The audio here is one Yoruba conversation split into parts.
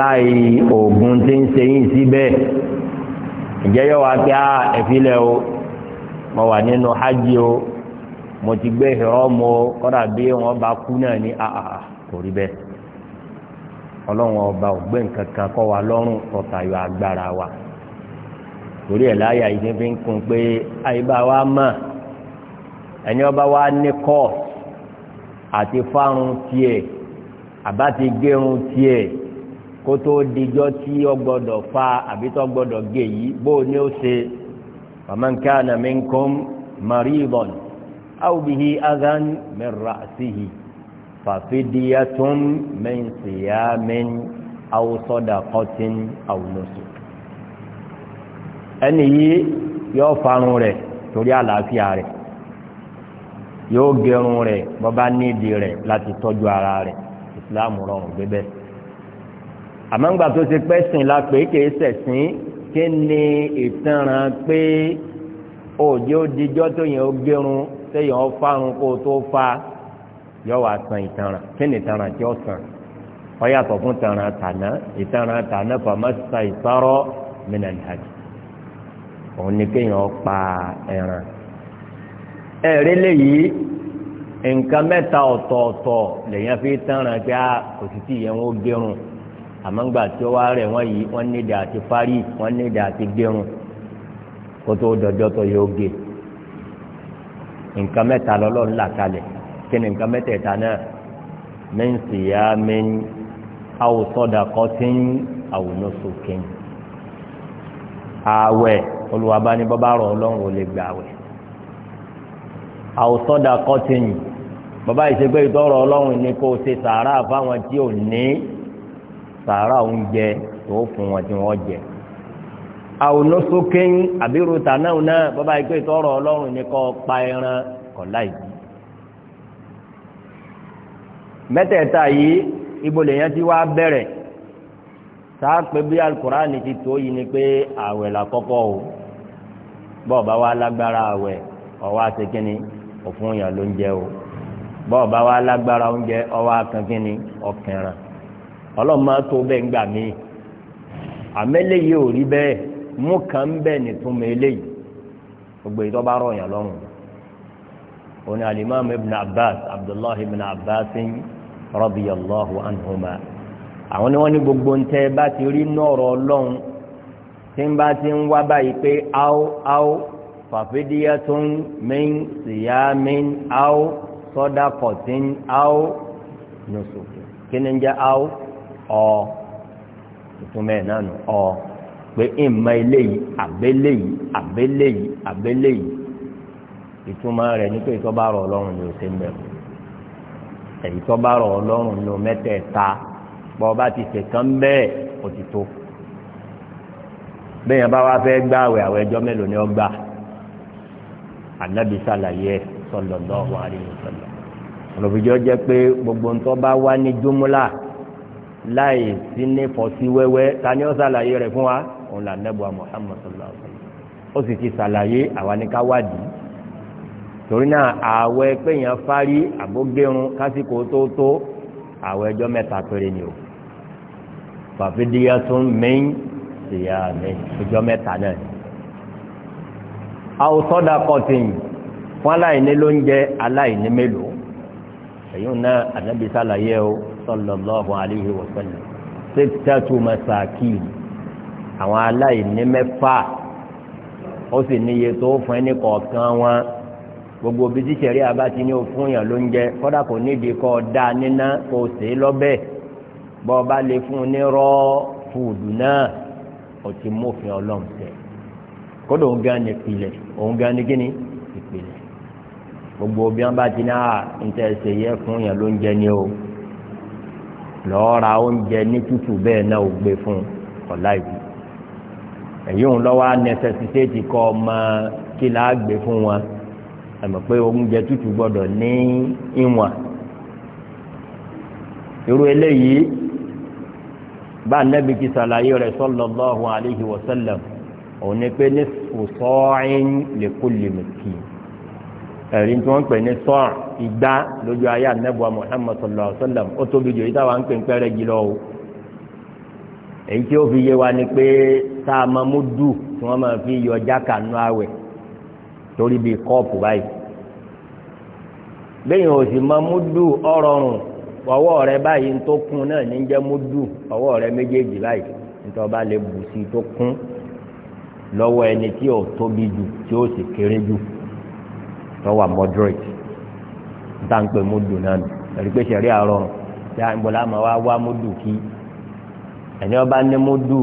láì oògùn tí ń ṣe yín síbẹ̀ ìjẹ́ yóò wá pé á ah, ẹ̀fílẹ̀ o mo wà nínú hajj o mo ti gbé ìrọ́mù o kọ́dà bí wọ́n bá kú náà ní àhà ah, ah, kò rí bẹ́ẹ̀ ọlọ́run ọba ò gbé kọ́ wa lọ́rùn ọ̀tayọ̀ agbára wa torí ẹ̀ láyà yìí fi ń kún pé àyíbá wa mọ̀ ẹni ọba wa ní kọ́ọ̀sì àti fárun tiẹ̀ àbá ti gérun tiẹ̀. kó tó dijọ́ tí ó gbọ́dọ̀ fa àbí tó gbọ́dọ̀ gé yìí bó o ní ó ṣe faman kana minkum maridan aw bihi adhan min ra'sihi fàfidíyàtún min siyamin aw sadaqatin aw nusuk. ẹni yìí yóò farun rẹ̀ torí àlàáfíà rẹ̀ yóò gẹrun rẹ̀ bọ́bá nídìí rẹ̀ láti tọ́jú ara rẹ̀ ìsìláàmù rọrùn gbé àmọ́ngbà tó ṣe pẹ́ sìn la pé kìí sẹ̀sìn kí ni ìtanràn pé òde ó dijọ́ tó yẹn ó gérun téèyàn ó fárun kó tó fa yọ wá san ìtanràn kí ni ìtanràn tí ó san wọ́n yàtọ̀ fún ìtanràn tàná ìtanràn tàná fàmásà ìsárọ́ mìíràn hàjì òun ni kéèyàn pa ẹran ẹ̀rí léyìí nǹkan mẹ́ta ọ̀tọ̀ọ̀tọ̀ lèyàn fi tanràn pé a ah, kò sì tí ìyẹn ń gbérun àmọ́ngbà tí ó wá rẹ̀ wọ́n yìí wọ́n nídà àti parí wọ́n nídà àti gbẹ̀rún kó tó dọjọ́ tó yóò gé nǹkan mẹ́ta lọ́lọ́run là kalẹ̀ kí ni nǹkan mẹ́tẹ̀ẹ̀ta náà min siyamin aw sadaqatin aw nusukin ààwẹ̀ olùwàbá ní bọ́bá rọ̀ ọlọ́run ò lè gbà àwẹ̀ aw sadaqatin bọ́bá ìṣègbè ìtọ́rọ̀ ọlọ́run ni kó ṣe sàárà fáwọn tí ò ní. sàárà oúnjẹ tó fún wọn tí wọ́n jẹ náà náà bàbá ìgbé tọrọ ọlọ́run ní kọ́ pa ẹran kọ̀ọ̀lá ìdí mẹ́tẹ̀ẹ̀ta yìí ibo lèyàn ti wá bẹ̀rẹ̀ sáà pé bí alukurani ti tó yìí ni pé àwẹ̀ là o lágbára àwẹ̀ ọwọ́ o lágbára oúnjẹ ọlọ́run máa tó bẹ́ẹ̀ ń gbà mí àmẹ́lẹ́ yìí ò rí bẹ́ẹ̀ mú kàn bẹ́ẹ̀ nìtúmọ̀ eléyìí gbogbo ìtọ́ bá rọ̀ yàn lọ́rùn òní alimami ibn abbas abdullahi ibn abbas radiyallahu anhuma àwọn ni wọ́n ní gbogbo ń tẹ́ bá ti rí nọ́ọ̀rọ̀ ọlọ́run tí ń bá ti ń wá báyìí pé áó áó fàfidíyàtún min siyamin áó sọ́dà kọ̀tín áó nùsùn kí ni ń jẹ́ áó ọ ìtumọ̀ ẹ̀ náà nù ọ pé ìmọ̀ eléyìí àbẹ́lẹ́yìí àbẹ́lẹ́yìí àbẹ́lẹ́yìí ìtumọ̀ rẹ̀ ní pé ìtọ́ bá rọ̀ ọlọ́run ni ó ṣe ń bẹ̀ èyí tó bá rọ̀ ọlọ́run ni ó mẹ́tẹ̀ẹ̀ta bọ́ ọba ti ṣèkan bẹ́ẹ̀ ó ti tó bẹ́ẹ̀ yẹn bá wá fẹ́ gbá àwẹ̀ àwẹ̀ ẹjọ́ mélòó ni ó gbà ànábì sàlàyé sallallahu alaihi wasallam ọ̀nà òfìjọ́ jẹ́ pé gbogbo ń bá wá ní jùmúlà láì sí ní fọ̀sí wẹ́wẹ́ ta ni ó ṣàlàyé rẹ̀ fún wa òun là nẹ́bùa Muhammad sallallahu alayhi wa sallam ó sì ti ṣàlàyé àwa ní ká wádìí torí náà ààwẹ̀ péyàn fárí àbógérun kásìkò tó tó ààwẹ̀ ẹjọ́ mẹ́ta péré ni o fàfidíyà tún mẹ́yìn síyá mẹ́yìn ẹjọ́ mẹ́ta náà ni. àwòsọ́dà kọ̀tìn fún aláìní lóúnjẹ aláìní mélòó èyí náà ànábi ṣàlàyé o sallallahu alayhi wa sallam sittatu masakin àwọn aláìní mẹ́fà ó sì níye tó fún ẹni kọ̀ọ̀kan wọn gbogbo bí tíṣẹ̀rí abáti ní òfún yàn ló ń jẹ kọ́dà kò nídìí kọ́ da níná kò sí lọ́bẹ̀ bọ́ ọ bá lè fún un ní rọ́ fúdù náà ó ti mófin ọlọ́run tẹ̀ kódà òun gan ni ìpìlẹ̀ òun gan ni gíní ìpìlẹ̀ gbogbo bí wọn bá ti ní à ń tẹ̀ ṣe yẹ fún yàn ló ń jẹ ní o lọ́ọ́ ra oúnjẹ ní tútù bẹ́ẹ̀ náà ò gbé fún ọ̀la ìlú èyí ń lọ́wọ́ nẹ́sẹ̀sítéètì kọ́ ọmọ kí là á gbé fún wọn àmọ́ pé oúnjẹ tútù gbọ́dọ̀ ní ìwọ̀n irú eléyìí bá nẹ́bi ti sàlàyé rẹ̀ sallallahu alayhi wa sallam òun ni pé ní sòsọ́ọ̀ín li kulli miskin ẹ̀rí tí wọ́n ń pè ní sọ́ọ̀n ìgbà lójú ayé anábọ̀ Muhammad sallallahu alaihi wasallam ó tóbi jù yíta wa ń pè ń pẹ́rẹ́ o tí ó fi yé wa ni pé tá a máa mú tí wọ́n máa fi yọ jáka nú àwẹ̀ torí bíi kọ́ọ̀pù báyìí bẹ́ẹ̀ ò sì máa mú dù ọ̀rọ̀rùn rẹ báyìí ń tó kún náà ní jẹ́ mú dù ọwọ́ rẹ méjèèjì báyìí lè bù sí tó ẹni tí tóbi jù tí ó sì kéré jù. tó wà moderate níta ń pè múdù náà nù ẹ̀rí pé sẹ̀rí àárọ̀ ya ń bọ̀lá máa wá wá múdù kí ẹ̀ní ọba ní múdù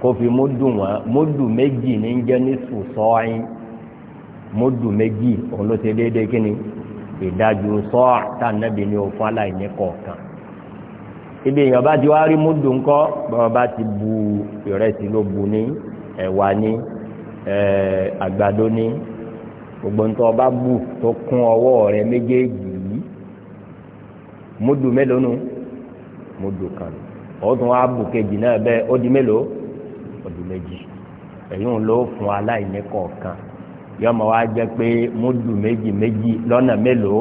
kó fi múdù wọn múdù méjì ní ń jẹ́ ní sùsọ́ọ̀yìn múdù méjì òun ló ṣe déédéé kí ni ìdájú sọ́ọ̀ tá a nábì ní òfin aláìní kọ̀ọ̀kan ibi èèyàn bá ti wá rí múdù ńkọ́ bọ́ọ̀ bá ti bu ìrẹsì ló bu ní ẹ̀wà ní àgbàdo ní gbogbo nǹkan ọba bù tó kún ọwọ́ rẹ méjèèjì yìí múdù mélòó nu múdù kan ọ̀tún wa bù kejì náà bẹ́ẹ̀ ó di mélòó ó di méjì èyí ń lò fún aláìní kọ̀ọ̀kan yọmọ wa jẹ pé múdù méjì méjì lọ́nà mélòó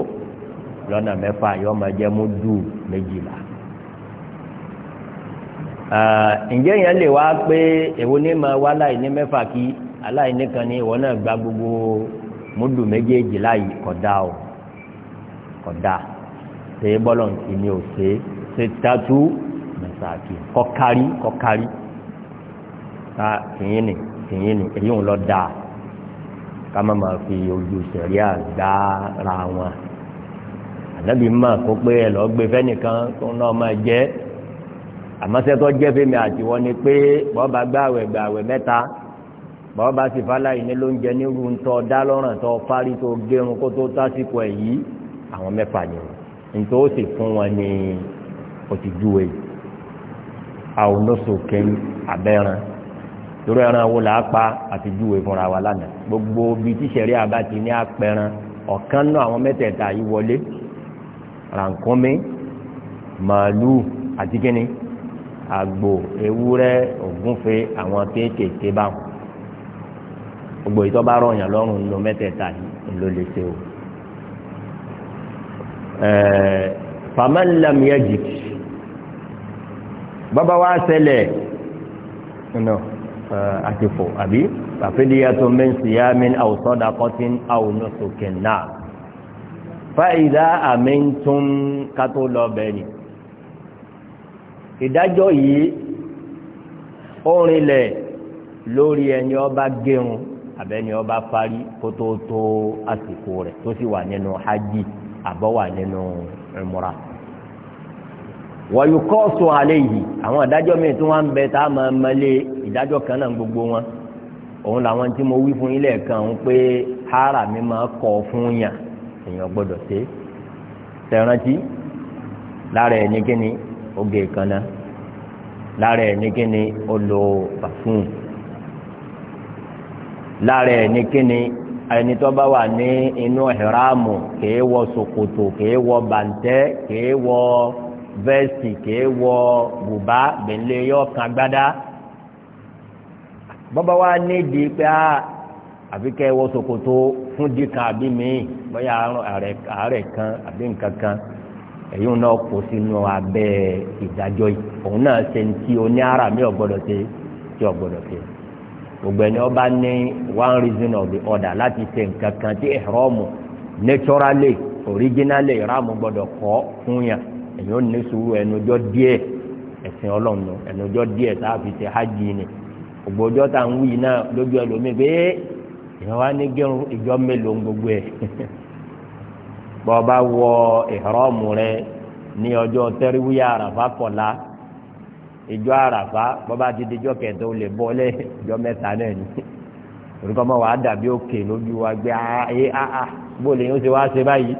lọ́nà mẹ́fà yọmọ jẹ múdù méjìlá ǹjẹ́ yẹn lè wá pé èwo ní ma wá aláìní mẹ́fà kí aláìní kan ní ìwọ náà gba gbogbo múdù méjèèjì láàyè kọ̀dá o kọ̀dá ṣe é bọ́lọ̀ nǹkan ni ò ṣe é ṣe tatu mẹ́sàkì kọ́kárí kọ́kárí ká tìyín ni tìyín ni èyí ń lọ dáa ká má máa fi ojú sẹ̀ríà dára wọn ànábì mọ̀ kó pé ẹ lọ́ọ́ gbé fẹ́nìkan tó ń náà máa jẹ́ àmọ́sẹ́tọ́ jẹ́ fẹ́mi àtiwọ́ ni pé bọ́ọ̀ bá gbàwẹ̀ gbàwẹ̀ mẹ́ta bọ́ọ̀bá sì fáláyé ní ló ń jẹ ní irú ntọ́ dá lọ́rùn tó fárí tó gẹrun kó tó tásìkò ẹ̀ yìí àwọn mẹ́fà ni ntọ́ ó sì fún wọn ní òtìjúwe àwọn olóṣòkè abẹ́ran torí ẹran wo làá pa àtìjúwe fúnra wa lánàá gbogbo bí tíṣẹ̀rí àbá ti ní apẹran ọ̀kan náà àwọn mẹ́tẹ̀ẹ̀ta yìí wọlé rànkúnmí màálù àti kínní àgbò ewúrẹ́ ògúnfe àwọn kéékèèké báwọn gbogbo ìtọ́ bá rọ̀yàn lọ́rùn ńlọ mẹ́tẹ̀ẹ̀ta yìí ńlọ lè ṣe o. faman lam bàbá wa ṣẹlẹ̀ nínú àtìfò àbí fafidiyatun min siyamin aw sadaqatin aw nusukin náà fa'idha amintum kátó lọ bẹ́ẹ̀ ni ìdájọ́ yìí ó rinlẹ̀ lórí ẹni ọba gẹrun abẹ́ni ọba parí kó tó tó àsìkò rẹ̀ tó sì wà nínú hajj àbọ̀ nínú umra. wọ́yù kọ́ọ̀sù alẹ́ yìí àwọn adájọ́ mi tí wọ́n ń bẹ tá a máa ìdájọ́ kan náà gbogbo wọn òun làwọn tí mo wí fún yín lẹ́ẹ̀kan ń pé hara mi máa fún yàn èèyàn gbọ́dọ̀ ṣe tẹ̀rántí lára ẹ̀ oge kan náà lára ẹ̀ ní lára ẹ̀ ní kíni ẹni tó bá wà ní inú ìhìrámù kìí wọ ṣòkòtò kìí wọ bàǹtẹ́ kìí wọ vẹ́ẹ̀sì kìí gbádá bọ́bá wa nídìí pé a àfi kẹ́ sokoto wọ ṣòkòtò fún dìkan àbí míì bóyá àárẹ̀ kan àbí èyí ń kó sínú abẹ́ mi ò gbọ́dọ̀ ṣe ti ò gbọ́dọ̀ ṣe. gbogbo ẹni ọba ní one reason of the order láti ṣe nǹkan kan tí ìhrọ́mù naturally originally ìrámù gbọ́dọ̀ kọ́ fún yàn èyí ó ní sùúrù ẹnujọ́ díẹ̀ ẹ̀sìn ọlọ́run ẹnujọ́ díẹ̀ tá a fi ṣe hajj ni gbogbo ọjọ́ tá à ń náà lójú pé ìyẹn gbogbo ẹ̀ bọ́ ọba wọ ìhrọ́mù rẹ ní ọjọ́ ìjọ àràfá bọ́bá ti di ìjọ kẹta ó lè bọ́ lẹ́ ìjọ mẹ́ta náà ni orúkọ mọ́ wàá dàbí òkè lójú wa gbé ayé áá bó lè yín ó ṣe wá ṣe báyìí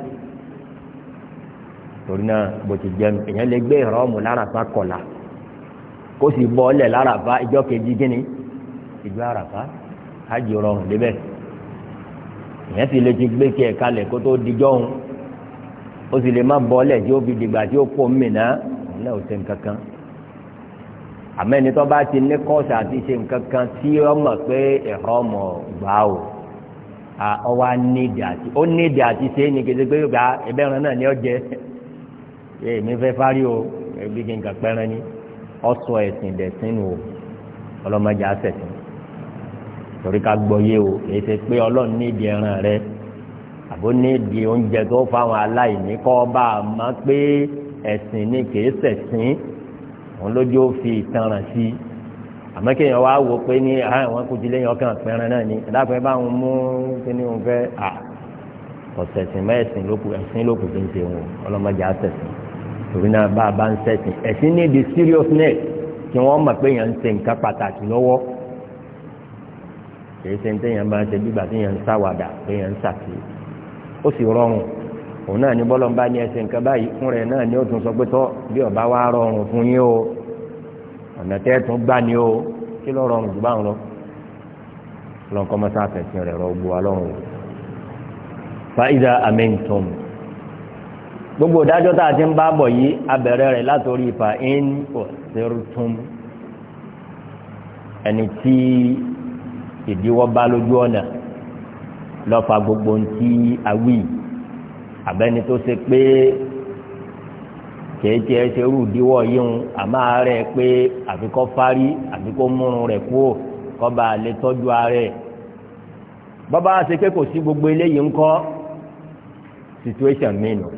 torí náà bó ti jẹun èèyàn lè gbé ìrọ́ọ̀mù láràfá kọ̀la kó sì bọ́ lẹ̀ láràfá ìjọ kejì kínní ìjọ àràfá hajj rọrùn débẹ̀ èèyàn sì lè ti gbé kí ẹ̀ kalẹ̀ kó tó dijọ́ òun ó sì lè má bọ́ lẹ̀ tí ó fi dìgbà tí ó pò mìíràn náà ò ṣe nǹkan kan àmọ́ ẹni tó bá ti ní kọ́ọ̀sì àti ṣe nǹkan kan tí ó mọ̀ pé ẹ̀họ́ mọ̀ gbà ó ọwọ́ nídìí àti ó nídìí àti ṣe é ní kété pé gba ẹbẹ̀ ẹran náà ni ó jẹ èmi fẹ́ fárí o ẹbí kí n kà pẹ́ran ni ọ̀sọ̀ ẹ̀sìn dẹ̀sìn o ọlọ́mọdé àṣẹ̀sìn torí ká gbọ́ o kì í ṣe pé ọlọ́run nídìí ẹran rẹ àbó nídìí oúnjẹ tó fáwọn aláìní kọ́ bá a mọ̀ pé ẹ̀sìn ni kì ṣẹ̀sìn òun lójú ó fi ìtanràn sí i àmọ́ kéèyàn wá wò pé ní àwọn ah, kùtì lẹ́yìn ọkàn pẹ̀rẹ̀ náà ni ẹ̀dáfẹ́ bá ń mú kíní òun fẹ́ à ọ̀sẹ̀sìn mẹ́sìn lókù ẹ̀sìn lókù tó ń ṣe wọn ọlọ́mọdé àṣẹ̀sìn torí náà bá a bá ń ṣẹ̀sìn ẹ̀sìn ní di seriousness kí wọ́n mọ̀ pé yẹn ń ṣe nǹkan pàtàkì lọ́wọ́ kìí ṣe ń tẹ̀yàn bá ń ṣe bígbà tí yẹn ń ṣàwàdà pé yẹn ń ṣàkíyè ó sì rọrùn òun náà ní bọ́lọ̀ ń bá ní ẹsẹ̀ nǹkan báyìí fún rẹ̀ náà ní ó tún sọ pé tọ́ bí ọba wa rọrùn fún yín o ọ̀nà tẹ́ tún gbà ní o kí ló rọrùn jù báwọn lọ lọ́n kọ́ àfẹ̀sìn rẹ̀ rọ gbogbo alọ́run o. faiza amẹ́ntọ́m gbogbo ìdájọ́ tá a ti ń bá bọ̀ yìí abẹ̀rẹ̀ rẹ̀ látòrí ìfà in ọ̀sẹ̀rùtùm ẹni tí ìdíwọ́ bá lójú ọ̀nà lọ́fà gbogbo ntí awíì àbẹ́ni tó ṣe pé kèéjẹ ṣerú ìdíwọ́ yíyún àmọ́ ààrẹ pé àfikọ́ parí àfikọ́ múrun rẹ̀ kúrò kọ́ba lè tọ́jú ààrẹ bọ́bá ṣe pé kò sí gbogbo eléyìí ń situation mìíràn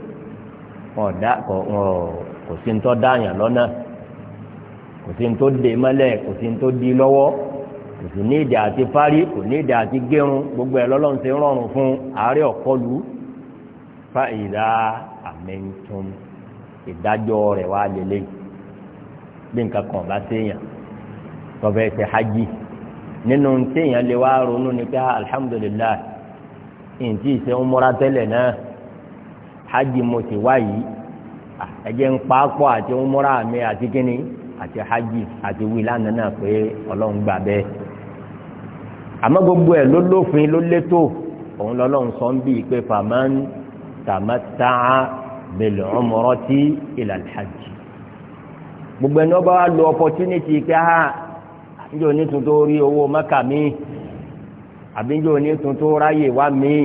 ọ̀dà kò sí ń tọ́ dáàyàn lọ́nà kò sí ń tó dè mọ́lẹ̀ kò sí ń tó di lọ́wọ́ kò sí ní ìdí àti parí kò ní ìdí àti gérun gbogbo ẹ̀ lọ́lọ́run ṣe rọrùn fún ààrẹ ọ̀kọlù fa ìdá àmẹ́ntún ìdájọ́ rẹ̀ wá lélẹ̀ bí nǹkan kan bá séèyàn tọ́fẹ́ ṣe hajj nínú téèyàn lè wá ronú ni pé ah, alhamdulilayi ntí ìṣe ń múra tẹ́lẹ̀ náà hajj mo ti wá yìí ah, ẹ̀jẹ̀ ń pa pọ̀ àti ń múra mi àti kíni àti hajj àti wí lánàá náà pé ọlọ́run gbà bẹ́ẹ̀ àmọ́ gbogbo ẹ̀ ló lófin ló létò òun lọ́lọ́run sọ ń bí i pé tàmátàá bil umrati ilal gbogbo ẹni ọba wa lo opportunity pé ha ah, njẹ́ òní tuntun rí owó maka mi àbí njẹ́ òní tuntun ráyè wá mi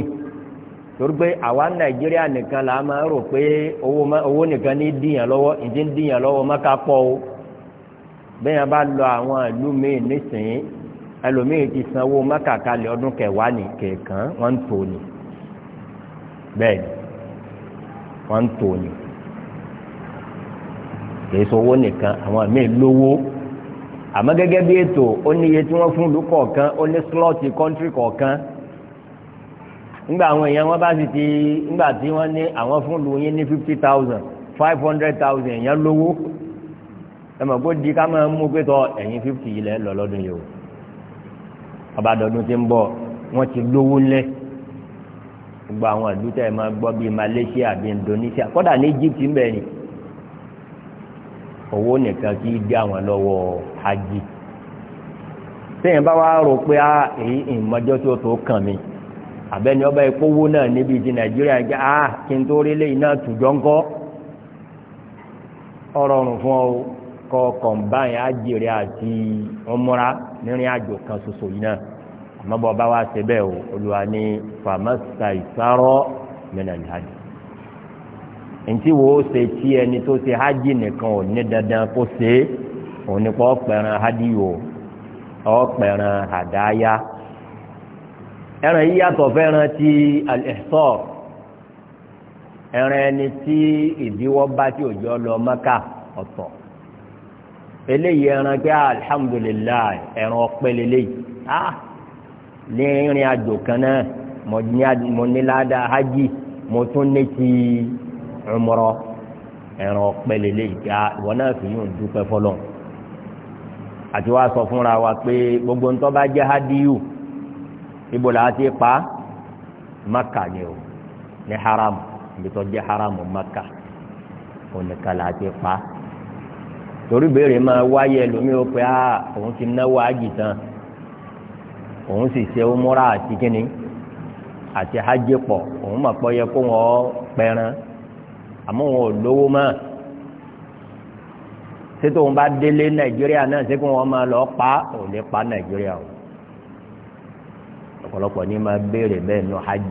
torí pé àwa nàìjíríà nìkan là á máa rò pé owó nìkan ní dìyàn lọ́wọ́ ìdí dìyàn lọ́wọ́ mẹ́ka pọ̀ o bẹ́ẹ̀ yẹn bá àwọn ìlú míì nísìnyí ẹlòmíì ti sanwó maka kalẹ̀ ọdún kẹwàá ní wọ́n ń tò ní bẹ́ẹ̀ ni. wọ́n ń tò ní kìí sọwọ́ nìkan àwọn míì lówó àmọ́ gẹ́gẹ́ bí ètò ó ní iye tí wọ́n fún ìlú kọ̀ọ̀kan ó ní slọ́ọ̀tì kọ́ńtírì kọ̀ọ̀kan ńgbà àwọn èèyàn wọn bá sì ti ńgbà tí wọ́n ní àwọn fún ìlú yín ní fifty thousand five hundred thousand èèyàn lówó ẹ mọ̀ kó di ká máa mú pé tọ ẹ̀yìn fifty yìí lẹ́ lọ yìí o ọba dọdún ti ń bọ̀ wọ́n ti lówó lẹ́ẹ̀ gbogbo àwọn àdúgbò tẹ́ máa gbọ́ bíi Malaysia bíi Indonesia kọ́dà ní Egypt ń ni owó nìkan kí í àwọn lọ́wọ́ hajj sẹ́yìn bá wá rò pé á ah, èyí ìmọ̀jọ́ tó kàn mí àbẹ́ni ọba ìpówó náà níbi ti Nàìjíríà á ah, kí n tó rí iná fún ọ kọ̀ǹbáyìn àmọ́ bọ́ bá wá ṣe bẹ́ẹ̀ o olùwà ní fàmásà ìsárọ́ mẹ́nàlì hajj ntí wo ṣe tí ẹni tó ṣe hajj nìkan ò ní dandan kó ṣe é òun ni kò pẹ̀ràn hajj o ò pẹ̀ràn àdáyá ẹran yìí yàtọ̀ fẹ́ràn ti al ẹran ẹni tí ìdíwọ́ bá tí òjò lọ Mẹ́kà ọ̀tọ̀ eléyìí ẹran pé alhamdulilayi ẹran ọpẹ́ lélẹ́yìí ah! lé ìrìn àjò kan náà mo ní ládàá hajj mo tún ní ti umrah ẹ̀ràn ọ̀pẹ lélẹ̀ ìjà ìwọ náà fi yóò dúpẹ́ fọlọ́ àti wàá sọ fúnra wa pé gbogbo ń tọ́ bá jẹ́ hadiyu ibo làá ti pa maka ni o ní haram ibi tó haram maka onìkan làá pa torí béèrè máa wáyé lómi ó pé a ah, òun ti náwó àjì tán òun sì ṣe umura àti kíni àti hajj pọ̀ òun mà pọ̀ yẹ kó wọ́n pẹran àmọ́ wọn ò lówó mọ́ sétò wọn bá délé nàìjíríà náà sé wọn máa lọ pa ò lè pa nàìjíríà o ọ̀pọ̀lọpọ̀ ní máa béèrè bẹ́ẹ̀ nù hajj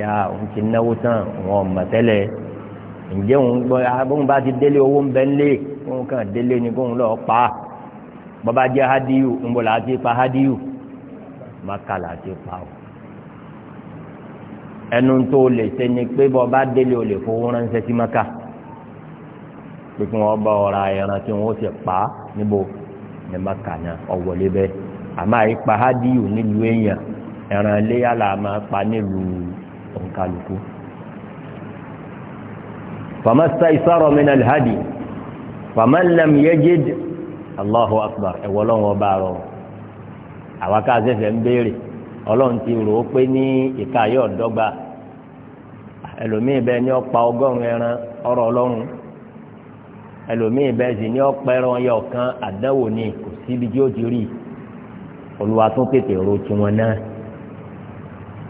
yà òun ti náwó tán wọn ò mọ̀ tẹ́lẹ̀ ǹjẹ́ òun gbọ́ ah, bóun bá ti délé owó ń bẹ nílé òun kàn délé ni kóun lọ pa bọ́bá jẹ́ hadiyu ń bọ̀ láti pa hadiyu mákàlà ti pa ọ ẹnu tó o lè ṣe ni pé bọ́ bá délé o lè fowó ránṣẹ́ sí maka pé kí wọ́n bá ọ̀ra ẹran tí wọ́n sì pa á níbo ní maka náà ọ̀wọ́lé bẹ́ẹ̀ àmọ́ àyípa hádìyù nílùú èèyàn ẹran iléyà là máa pa nílùú òǹkàlùkù. fama saisaro min alhadi faman lam yajid allahu akbar ẹ̀wọ́ lọ́wọ́ bá a rọrùn àwa ká sẹsẹ ń béèrè Ọlọ́run ti rò ó pé ní ìka yóò dọ́gba ẹlòmíì bẹ́ẹ̀ ni ó pa ọgọ́rùn ẹran ọ̀rọ̀ Ọlọ́run ẹlòmíì bẹ́ẹ̀ sì ni ó pa ẹran yọ kan àdánwò ni kò síbi tí ó ti rí Olúwa tún tètè ro tiwọn náà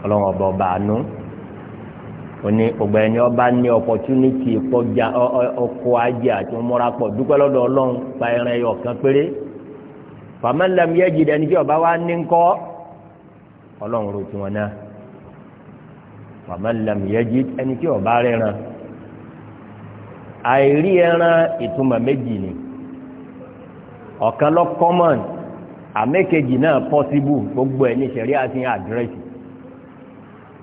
Ọlọ́run ọba ọba àánú ọgbà ẹni ọba ní opportunity ìkọjá ọkọ ajé àti múra pọ̀ dúpẹ́ lọ́dọ̀ Ọlọ́run pa ẹran yọ kan péré faman lam yajid ẹni tí ọba wa ní ńkọ́ ọlọ́run ro tiwọn náà faman lam yajid ẹni tí ọba rẹran àìrí ẹran ìtumọ̀ méjì ni ọ̀kan lọ common àmẹ́kejì náà possible gbogbo ẹ̀ ní sẹ̀rí àti àdírẹ́sì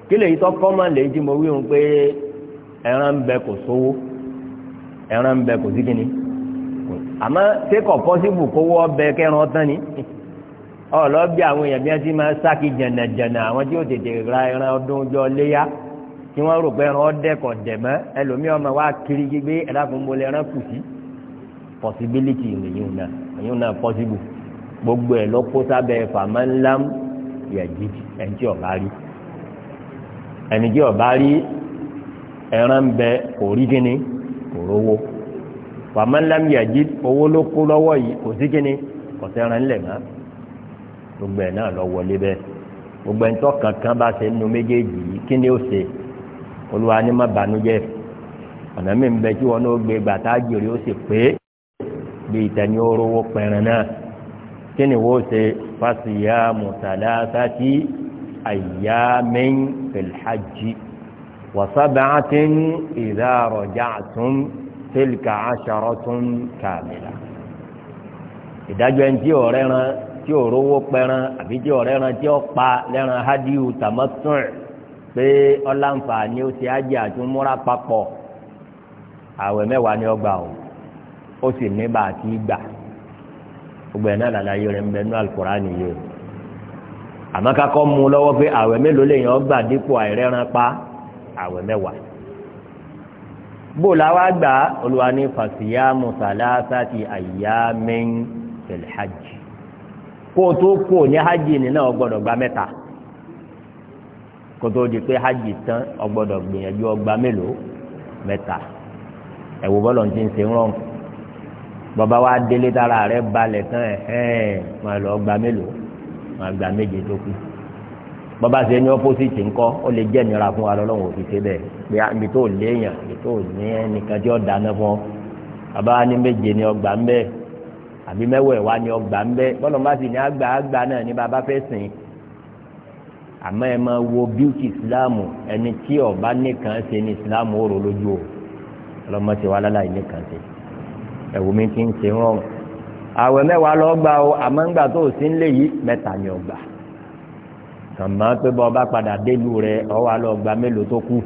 kí lèyí tó common lèyí tí mo wí hùn pé ẹran ń bẹ kò sówó ẹran bẹ kò sí kíni àmọ́ ṣé kò pọ́sibù kówó ọbẹ̀ kẹran tán ni ọ̀lọ́ bí àwọn èèyàn bí wọ́n ti máa sáàkì jànàjànà àwọn tí ó tètè ra ẹran ọdún jọ léyà tí wọ́n rò pé ẹran ọdẹ́kọ̀ dẹ̀mọ́ ẹlòmíràn máa wá kiri gbígbé ẹ̀dákùnmọ́lẹ̀ ẹran kù sí possibility nìyí náà nìyí náà possible gbogbo ẹ̀ lọ́kọ́ sábẹ́ fàmọ́ ńlá yẹ̀jì ẹni tí ọ̀bá rí ẹni tí ọ̀bá rí ẹran bẹ kò rí kíni kò rówó faman lam yajid owó ló kó lọ́wọ́ yìí kò sí kíni kò sẹ́ran ńlẹ̀ mọ́ gbogbo ẹ̀ náà lọ wọlé bẹ́ẹ̀ gbogbo ẹ̀ ń tọ́ kankan bá ṣe nu méjèèjì yìí kí ni ó ṣe olúwa ni má banújẹ́ ọ̀nà mi ń bẹ tí wọn ó gbé gbàtà jèrè ó sì pé bí ìtẹ̀ni orówó pẹ̀rẹ̀ náà kí ni wọ́n ṣe fásiyà mùsàlásátì ayyamin fil hajji wa sab'atin idha raja'tum tilka asharatun kamila ìdájọ́ ẹni tí ọ̀rẹ́ ran tí ò rówó pẹran àbí tí ọ̀rẹ́ ran tí ó pa lẹ́ran hadiu tamattu' pé ọ̀làǹfà ni ó ti ájì àti múra papọ̀ àwẹ̀ mẹ́wàá ni ó gbà ó ó sì ní bá a ti gbà gbogbo ẹ̀ náà làlàyé rẹ̀ ń bẹ ní Al-Qur'ani yìí àmọ́ kakọ́ mu lọ́wọ́ pé àwẹ̀ mélòó lèèyàn gbà dípò àìrẹ́ran pa àwẹ̀ mẹ́wàá bó làwa gbà olùwà ní fàṣíyàmù sàlásàtì àyàmín fìlhajj kó tó kó ní hajj nínú ọgbọ́dọ̀ gba mẹ́ta kó tó di pé hajj tán ọgbọ́dọ̀ gbìyànjú ọgbà mélòó mẹ́ta ẹ̀wò bọ́lọ̀ ti ń ṣe rọrùn bàbá wa délé tára rẹ̀ balẹ̀ tán ẹ̀hẹ́n máa lọ ọgbà mélòó máa gbà méje tó kù bàbá ṣe ní ọ́pọ́sìtì ńkọ́ ó lè jẹ́ ìnira fún wa lọ́lọ́run òfin bẹ́ẹ̀ pé ibi tó léèyàn ibi tó ní ẹnìkan tí ó dáná fún ọ bàbá ní méje ni ọgbà ń bẹ àbí mẹ́wẹ̀ẹ̀wá ni ọgbà ń bẹ bọ́lá bá sì ní àgbà àgbà náà ní bàbá fẹ́ sìn àmọ́ ẹ máa wo bíútì ìsìláàmù ẹni tí ọba nìkan ṣe ní ìsìláàmù ó rò lójú o ọlọ́mọ ti wá láláì nìkan ṣe ẹ̀wù mi ti ń ṣe rán àwẹ̀ mẹ́wàá lọ́ọ́ gbà o àmọ́ ńgbà tó o sí ń lé yìí mẹ́ta ni ọgbà kàmá pé bọ́ ọba padà délùú rẹ ọ wà lọ́ọ́ gba mélòó tó kù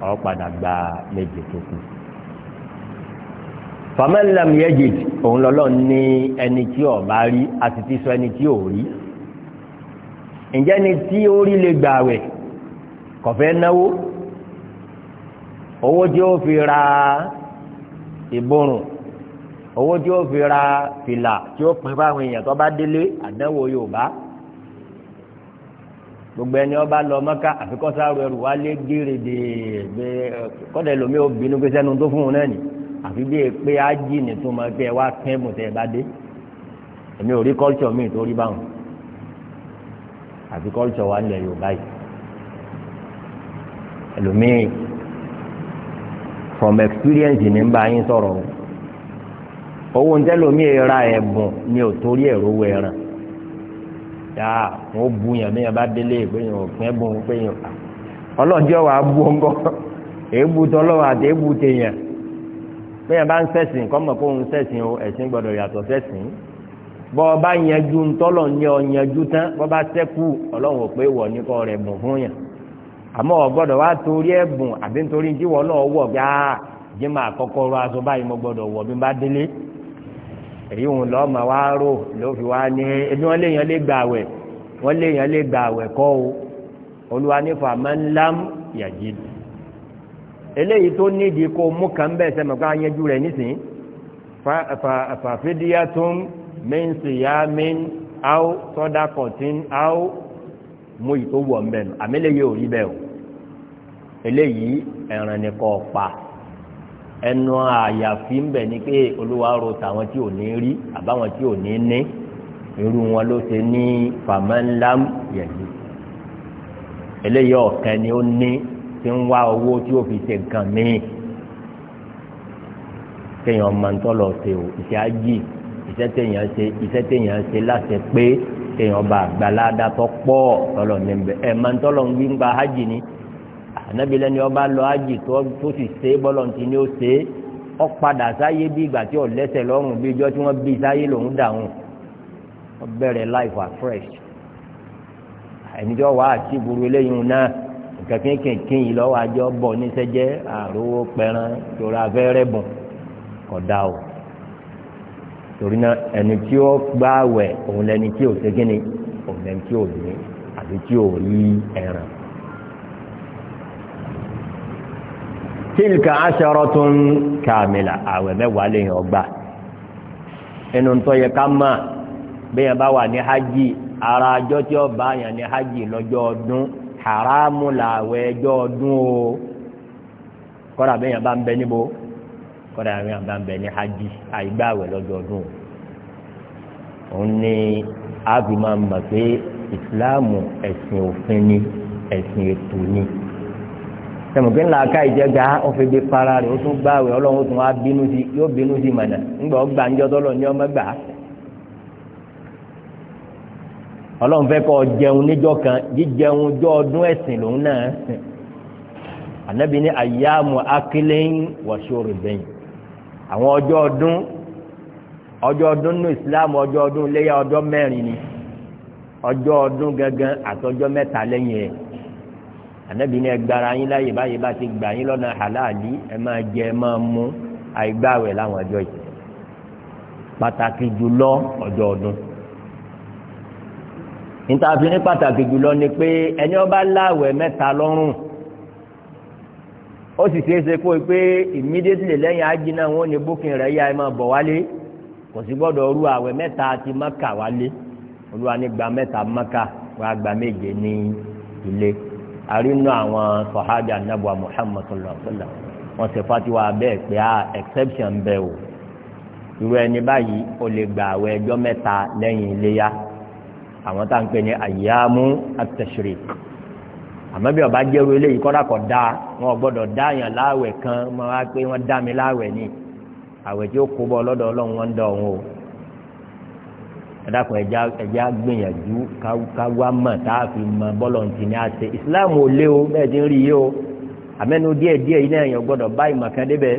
ọ padà gba méje tó kù. fàmẹ́lẹ́m yẹ́jì òun lọ́lọ́ ní ẹni tí ò bá rí àti ti sọ ẹni tí ò rí ǹjẹ́ ni tí ó rí lè gbà wẹ̀ kò fẹ́ náwó owó tí ó fi ra ìborùn owó tí ó fi ra fìlà tí ó pín fáwọn èèyàn tó bá délé àdánwò Yorùbá gbogbo ẹni ọba lọ mọ́ká àfikọ́sáró ẹrù wa lé gírèdè gbé kọ́dẹ̀ lomi obìnrin pé sẹ́nu tó fún un náà nì àfi bí pé ájì nìtún máa pé ẹ wá pín mùtẹ́ ẹ bá dé èmi ò rí kọ́ltsọ̀ mi tó rí báwọn àfi kọ́ltsọ̀ wa nílẹ̀ Yorùbá yìí ẹlòmíì from experience ní bá yín sọ̀rọ̀ o owó ń ra ẹ̀bùn ni ò torí ẹ̀rọ owó ẹran. Ya, wọn bu yàn mí yàn bá délé pé yàn òfin ẹbùn pé yàn à ọlọ́jọ́ wa bu ọgbọ́ èébù tọlọ́wọ́ àti èébù tèèyàn pé yàn bá ń ṣẹ̀sìn kọ́mọ̀ kó ń ṣẹ̀sìn o ẹ̀sìn gbọ́dọ̀ yàtọ̀ ṣẹ̀sìn bọ́ ọ bá yanjú ńtọ́lọ̀ ní ọ yanjú tán bọ́ bá sẹ́kù ọlọ́run ò pé wọ̀ ní kọ́ rẹ̀ bùn fún yàn àmọ́ ọ gbọ́dọ̀ wá torí ẹ̀bùn àbí nítorí jíwọ́ náà wọ̀ gbáà jẹ́ máa kọ́kọ́ rọ aṣọ báyìí mo gbọ́dọ̀ wọ̀ bí n bá délé èyí òun lọ́ọ́ máa wá rò ló fi wá ní ẹni wọ́n léèyàn lè gbà wẹ̀ wọ́n léèyàn lè gbà wẹ̀ kọ́ o olúwa ní faman lam yajid eléyìí tó nídìí kó mú kàn bẹ́ẹ̀ sẹ́mi ká yẹjú rẹ̀ nísìnyí fàfidíyàtún min siyamin aw sadaqatin aw mú ìtòwọ̀ mbẹ́nu àmì eléyìí ò rí bẹ́ẹ̀ o eléyìí ẹ̀ràn nìkan pa ẹnu àyàfi ń bẹ̀ ni pé olúwa ro tàwọn tí ò ní rí àbáwọn tí ò ní ní irú wọn ló ṣe ní fàmẹ́ńlám yẹ̀dí eléyìí ọ̀kẹ́ ni ó ní tí ń wá owó tí ó fi ṣe nǹkan míì kéèyàn máa ń ṣe o iṣẹ́ ají iṣẹ́ téèyàn ṣe iṣẹ́ téèyàn ṣe láti pé kéèyàn bá àgbàlá dátọ́ pọ̀ tọ́lọ̀ níbẹ̀ ẹ̀ máa ń ń gbí ń ni ànábi lẹ́ni ọba lọ ájì tó sì ṣe é bọ́lọ̀ ntì ni ó ṣe é ọ padà sáyé bí ìgbà tí ò lẹ́sẹ̀ lọ́rùn bí ijọ́ tí wọ́n bí sáyé lòún dàrún ọ bẹ̀rẹ̀ life afresh ẹnìjọ́ wàá àti ìbúrú eléyìí náà nǹkan kínkìnkín yìí lọ́wọ́ àjọ bọ̀ níṣẹ́jẹ́ àrówó pẹran ìṣòro afẹ́rẹ́ bùn kódà o torí náà ẹni tí ó gbààwẹ̀ òun lẹni tí ò ṣe kíni òun lẹni tí ò ní àbí tí ò rí ẹran. tilka asharatun kamila àwẹ̀ mẹ́wàá lè yàn ọgbà ẹnu tó yẹ ká mà bẹ́ẹ̀ bá wà ní hajj ara ajọ́ tí ó bá yàn ní hajj lọ́jọ́ ọdún haramu làwẹ̀ ẹjọ́ ọdún o kọ́ra bẹ́ẹ̀ yàn bá ń bẹ níbo kọ́ra bẹ́ẹ̀ yàn bá ń bẹ ní hajj àìgbàwẹ̀ lọ́jọ́ ọdún o òun ni a fi máa mọ̀ pé ìsìláàmù ẹ̀sìn òfin ni ẹ̀sìn ètò ni sẹmùkí ńlá ká ìjẹgà ó fi bí para rẹ̀ ó tún gbààwẹ̀ Ọlọ́run ó tún wá bínú sí yóò bínú sí mọnà ńgbà ó gbà ńjọ ní ọmọ gbà. Ọlọ́run fẹ́ kọ́ jẹun níjọ́ kan jíjẹun ọjọ́ ọdún ẹ̀sìn lòun náà ànábi ní àyàmù akílẹ́yìn wọ̀ṣọ́ rẹ̀ bẹ́yìn àwọn ọjọ́ ọdún ọjọ́ ọdún nínú ìsìláàmù ọjọ́ ọdún léyà ọjọ́ mẹ́rin ni ọjọ́ ọdún gangan àtọjọ́ mẹ́ta lẹ́yìn ẹ̀ ànábì ní ẹgbàrá yín láyè báyìí bá ti gbà yín lọ́nà àláàlí ẹ máa jẹ ẹ máa mú àìgbàwẹ̀ láwọn ọjọ́ yìí pàtàkì jùlọ ọjọ́ ọdún nítafin ní pàtàkì jùlọ ni pé ẹni ọba láwẹ̀ mẹ́ta lọ́rùn ó sì ṣeé ṣe kó o pé immediately lẹ́yìn ájí náà wọ́n ní rẹ̀ yá ẹ máa bọ̀ wálé kò sí gbọ́dọ̀ ru àwẹ̀ mẹ́ta ti mọ́kà wálé olúwa ní gba mẹ́ta mọ́kà wàá gba méje ní ilé àrínú àwọn sọ̀hájà anábọ̀ Muhammad sallallahu alaihi wasallam wọ́n ṣe fatiwa bẹ́ẹ̀ pé a ah, exception bẹ́ẹ̀ o irú ẹni báyìí o lè gba àwọn ẹjọ́ mẹ́ta lẹ́yìn iléyà àwọn tá à ń pè ní àyàmú at-tashrik àmọ́ bí ọba jẹ́rú eléyìí kọ́dà kọ́ da wọn gbọ́dọ̀ dá yàn láwẹ̀ kan wọn wá pé wọ́n dá mi láwẹ̀ ni àwẹ̀ tí ó kó bọ́ lọ́dọ̀ ọlọ́run wọn ń dọ̀ ọ̀hún o ẹ̀dàkùn ẹ̀já gbìyànjú káwá mọ̀ tá a fi mọ bọ́lọ̀ ntì ní àṣẹ ìsìláàmù ò lé o bẹ́ẹ̀ ti ń rí yìí o àmẹ́nu díẹ̀ díẹ̀ yìí náà èèyàn gbọ́dọ̀ bá ìmọ̀ kan débẹ̀.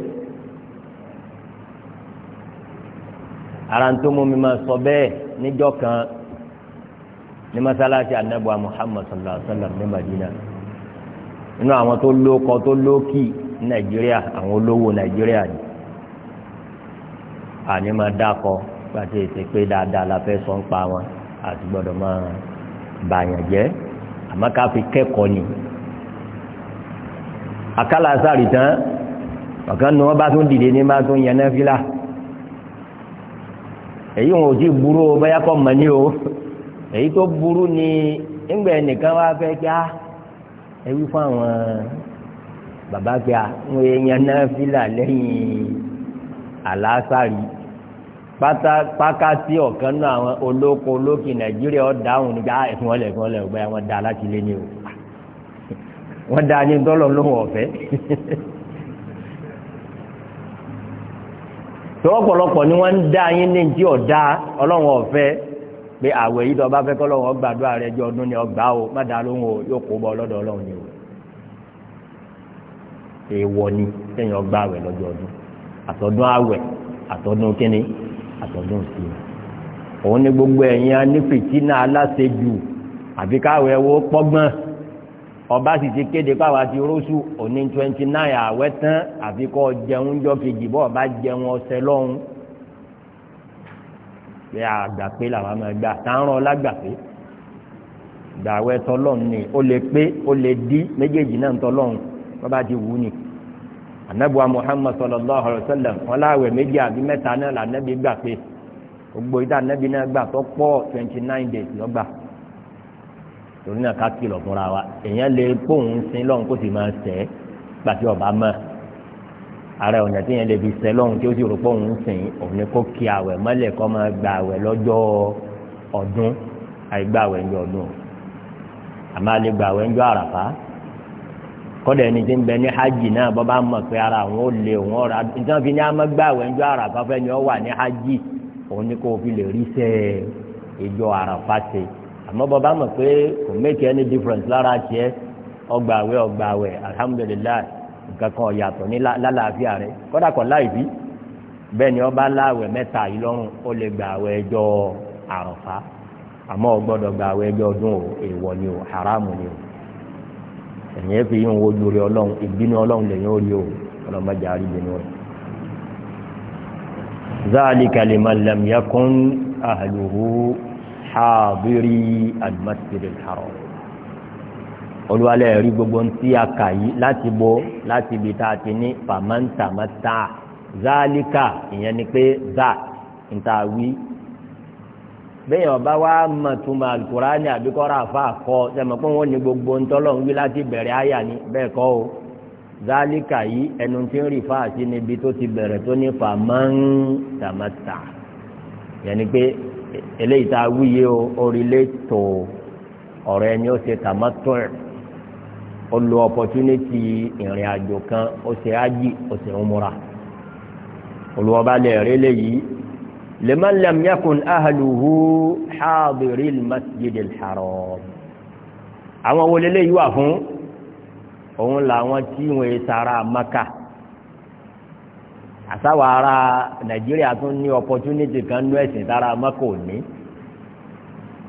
ara ń tó mú mi máa sọ bẹ́ẹ̀ níjọ́ kan ní masalasi anabuwa muhammad sallallahu alaihi wa sallam ní madina nínú àwọn tó lóko tó lókì ní nàìjíríà àwọn olówó nàìjíríà ni àní máa dákọ̀ọ́ pàtẹ́ ètè pé dáadáa la fẹ́ sọ ń pa wọn àti gbọ́dọ̀ máa bàyàn jẹ́ àmọ́ ká fi kẹ́kọ̀ọ́ ni. àkàlà sáré tán ọ̀kan nu wọn bá tún dìde ní bá tún yẹn náà fílà èyí wọn ò tí burú o báyà kọ́ mọ̀ ní o èyí tó burú ni ńgbà ẹnìkan wá fẹ́ kí á ẹ fún àwọn bàbá kí á ń yẹn náà fílà lẹ́yìn àlásàrì. pákátí ọ̀kan náà àwọn olóko olókì nàìjíríà dáhùn nígbà ah, ẹ̀fún ọlẹ̀ ẹ̀fún ọlẹ̀ ọgbà wọn dá láti lé ní o wọ́n dá ní dọ́lọ̀ lóhùn ọ̀fẹ́ tó ọ̀pọ̀lọpọ̀ pé àwẹ̀ yìí tó bá fẹ́ rẹ ọdún ni ọgbà o má dá lóhùn o yóò kó bọ́ ọlọ́run ni àtọ̀dún sí i òun ní gbogbo ẹ̀yin anífìtínà aláṣejù àfi káwọ ẹwọ pọ́gbọ́n ọba sì ti kéde káwa ti róṣù òní twenty nine àwẹ̀ tán àfi kọ́ jẹun jọ kejì bọ́ ọba jẹun ọ̀sẹ̀ lọ́hùn pé àgbà pé làwọn máa gbà táwọn ọlágbà pé dàwẹ̀ tọ́lọ́hún ni ó lè pé ó lè dí méjèèjì náà tọ́lọ́hún bọ́ba ti wù ú nìkan anabuwa muhammad sallallahu alayhi wa sallam wọn láwẹ̀ méjì àbí mẹ́ta náà lànàbí gbà pé gbogbo ìdá anabi náà gbà tó pọ̀ twenty nine days lọ́gbà torí náà ká kìlọ̀ fúnra wa èèyàn lè kóhun sin lọ́hùn kó sì máa sẹ́ gbàtí ọba mọ́ ara ọ̀nà tí yẹn lè fi sẹ́ lọ́hùn tí ó sì rò pé òun òun ni kó kí àwẹ̀ mọ́lẹ̀ kó máa gba àwẹ̀ lọ́jọ́ ọdún àìgbà àwẹ̀ ń jọ ọdún àmọ́ àlegbà àwẹ̀ ń àràfá kọ́dọ̀ n'i tí ń bẹ ní hajj náà bọ́ bá mọ̀ pé ara àwọn ò lè òun ọ̀rọ̀ nítorí fi ní amágbáwẹ̀ ńjọ́ àràfà fẹ́ ni ọ wà ní hajj òun ni kò fi lè rí sẹ́ ìjọ àràfà ṣe àmọ́ bọ́ bá mọ̀ pé kò make any difference lára tiẹ̀ ọgbàwẹ̀ ọgbàwẹ̀ alhamdulilayi nǹkan kan ọ̀yàtọ̀ ní lálàáfíà kọ́dà kọ́ ni láwẹ̀ mẹ́ta yìí lọ́rùn ó lè ẹjọ́ àràfà ẹ̀yìn ẹ̀fẹ̀ yìí ń wojú rẹ ọlọ́run ìbínú ọlọ́run lẹ́yìn ó rí o ọlọ́mọdé àrí ìbínú rẹ. ذلك لمن لم يكن أهله حاضري المسجد الحرام olùwàlẹ̀ rí gbogbo ń tí a kà yìí láti bo láti ibi tá a ti ní fàmántàmátà zálíkà ìyẹn ni pé zá ń bẹ́ẹ̀ ọba wa mọ̀ túmọ̀ alukurani àbíkọ́ra àfa kọ́ sẹ́mi pé wọ́n ní gbogbo ńtọ́lọ̀ ń wí láti bẹ̀rẹ̀ àyà ni bẹ́ẹ̀ kọ́ o zálíkà yìí ẹnu tí ń rí fáàsì níbi tó ti bẹ̀rẹ̀ tó ní fàmán tàmátà yẹni pé eléyìí tá a wúye o orílẹ̀ tó ọ̀rọ̀ ẹni ó ṣe tàmátọ̀ ẹ̀ ó lo opportunity ìrìn àjò kan ó ṣe ájì ó ṣe ń múra olùwọ́ba lè rí léyìí لمن لم يكن ahluhu حاضر المسجد الحرام. àwọn wo lélẹ́yìí wà fún òun làwọn tí wọn sara maka àsáwọ̀ ara nàìjíríà tún ní opportunity kan nú ẹ̀sìn sara maka ò ní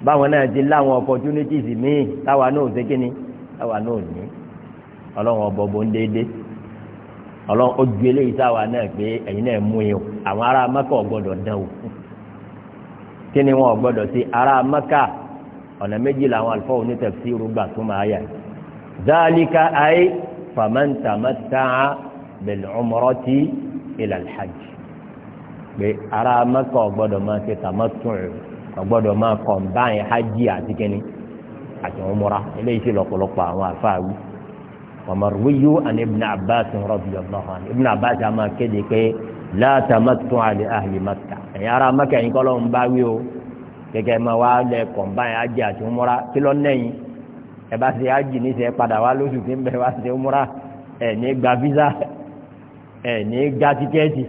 báwọn náà ti láwọn opportunities míì táwa náà ṣe kíni táwa náà ní ọlọ́run ọ̀bọ̀bọ̀ ń déédéé ọlọ́run ó eléyìí táwa náà pé ẹ̀yin náà mú yín o àwọn ará maka gbọ́dọ̀ dán o kí ni wọn gbọ́dọ̀ sí ará maka ọ̀nà méjì làwọn àlùfáà onítẹ̀fsírù gbà tó máa yà dhalika ay faman tamatta'a bil umrati ila al hajj pé ará maka ọ̀gbọ́dọ̀ máa ṣe tamattu ọ̀gbọ́dọ̀ máa kọ̀ báyìí hajj àti kínní àti umra eléyìí sì lọ́pọ̀lọpọ̀ àwọn àlùfáà wí wa marwiyu an ibn abbas radiyallahu anhu ibn kéde pé látàmátún àlè àhìlì maka ẹ̀yin ará maka yìí kọ́lọ́ ń bá wí o gẹ́gẹ́ ma wá lẹ kọ̀ǹbáyì ájì àti múra kí lọ́ nẹ́yìn ẹ bá ṣe ájì ní ṣe padà wá lóṣù tí ń bẹ wá ṣe múra ẹ̀ ní gba físà ẹ̀ ní gba tíkẹ́ẹ̀tì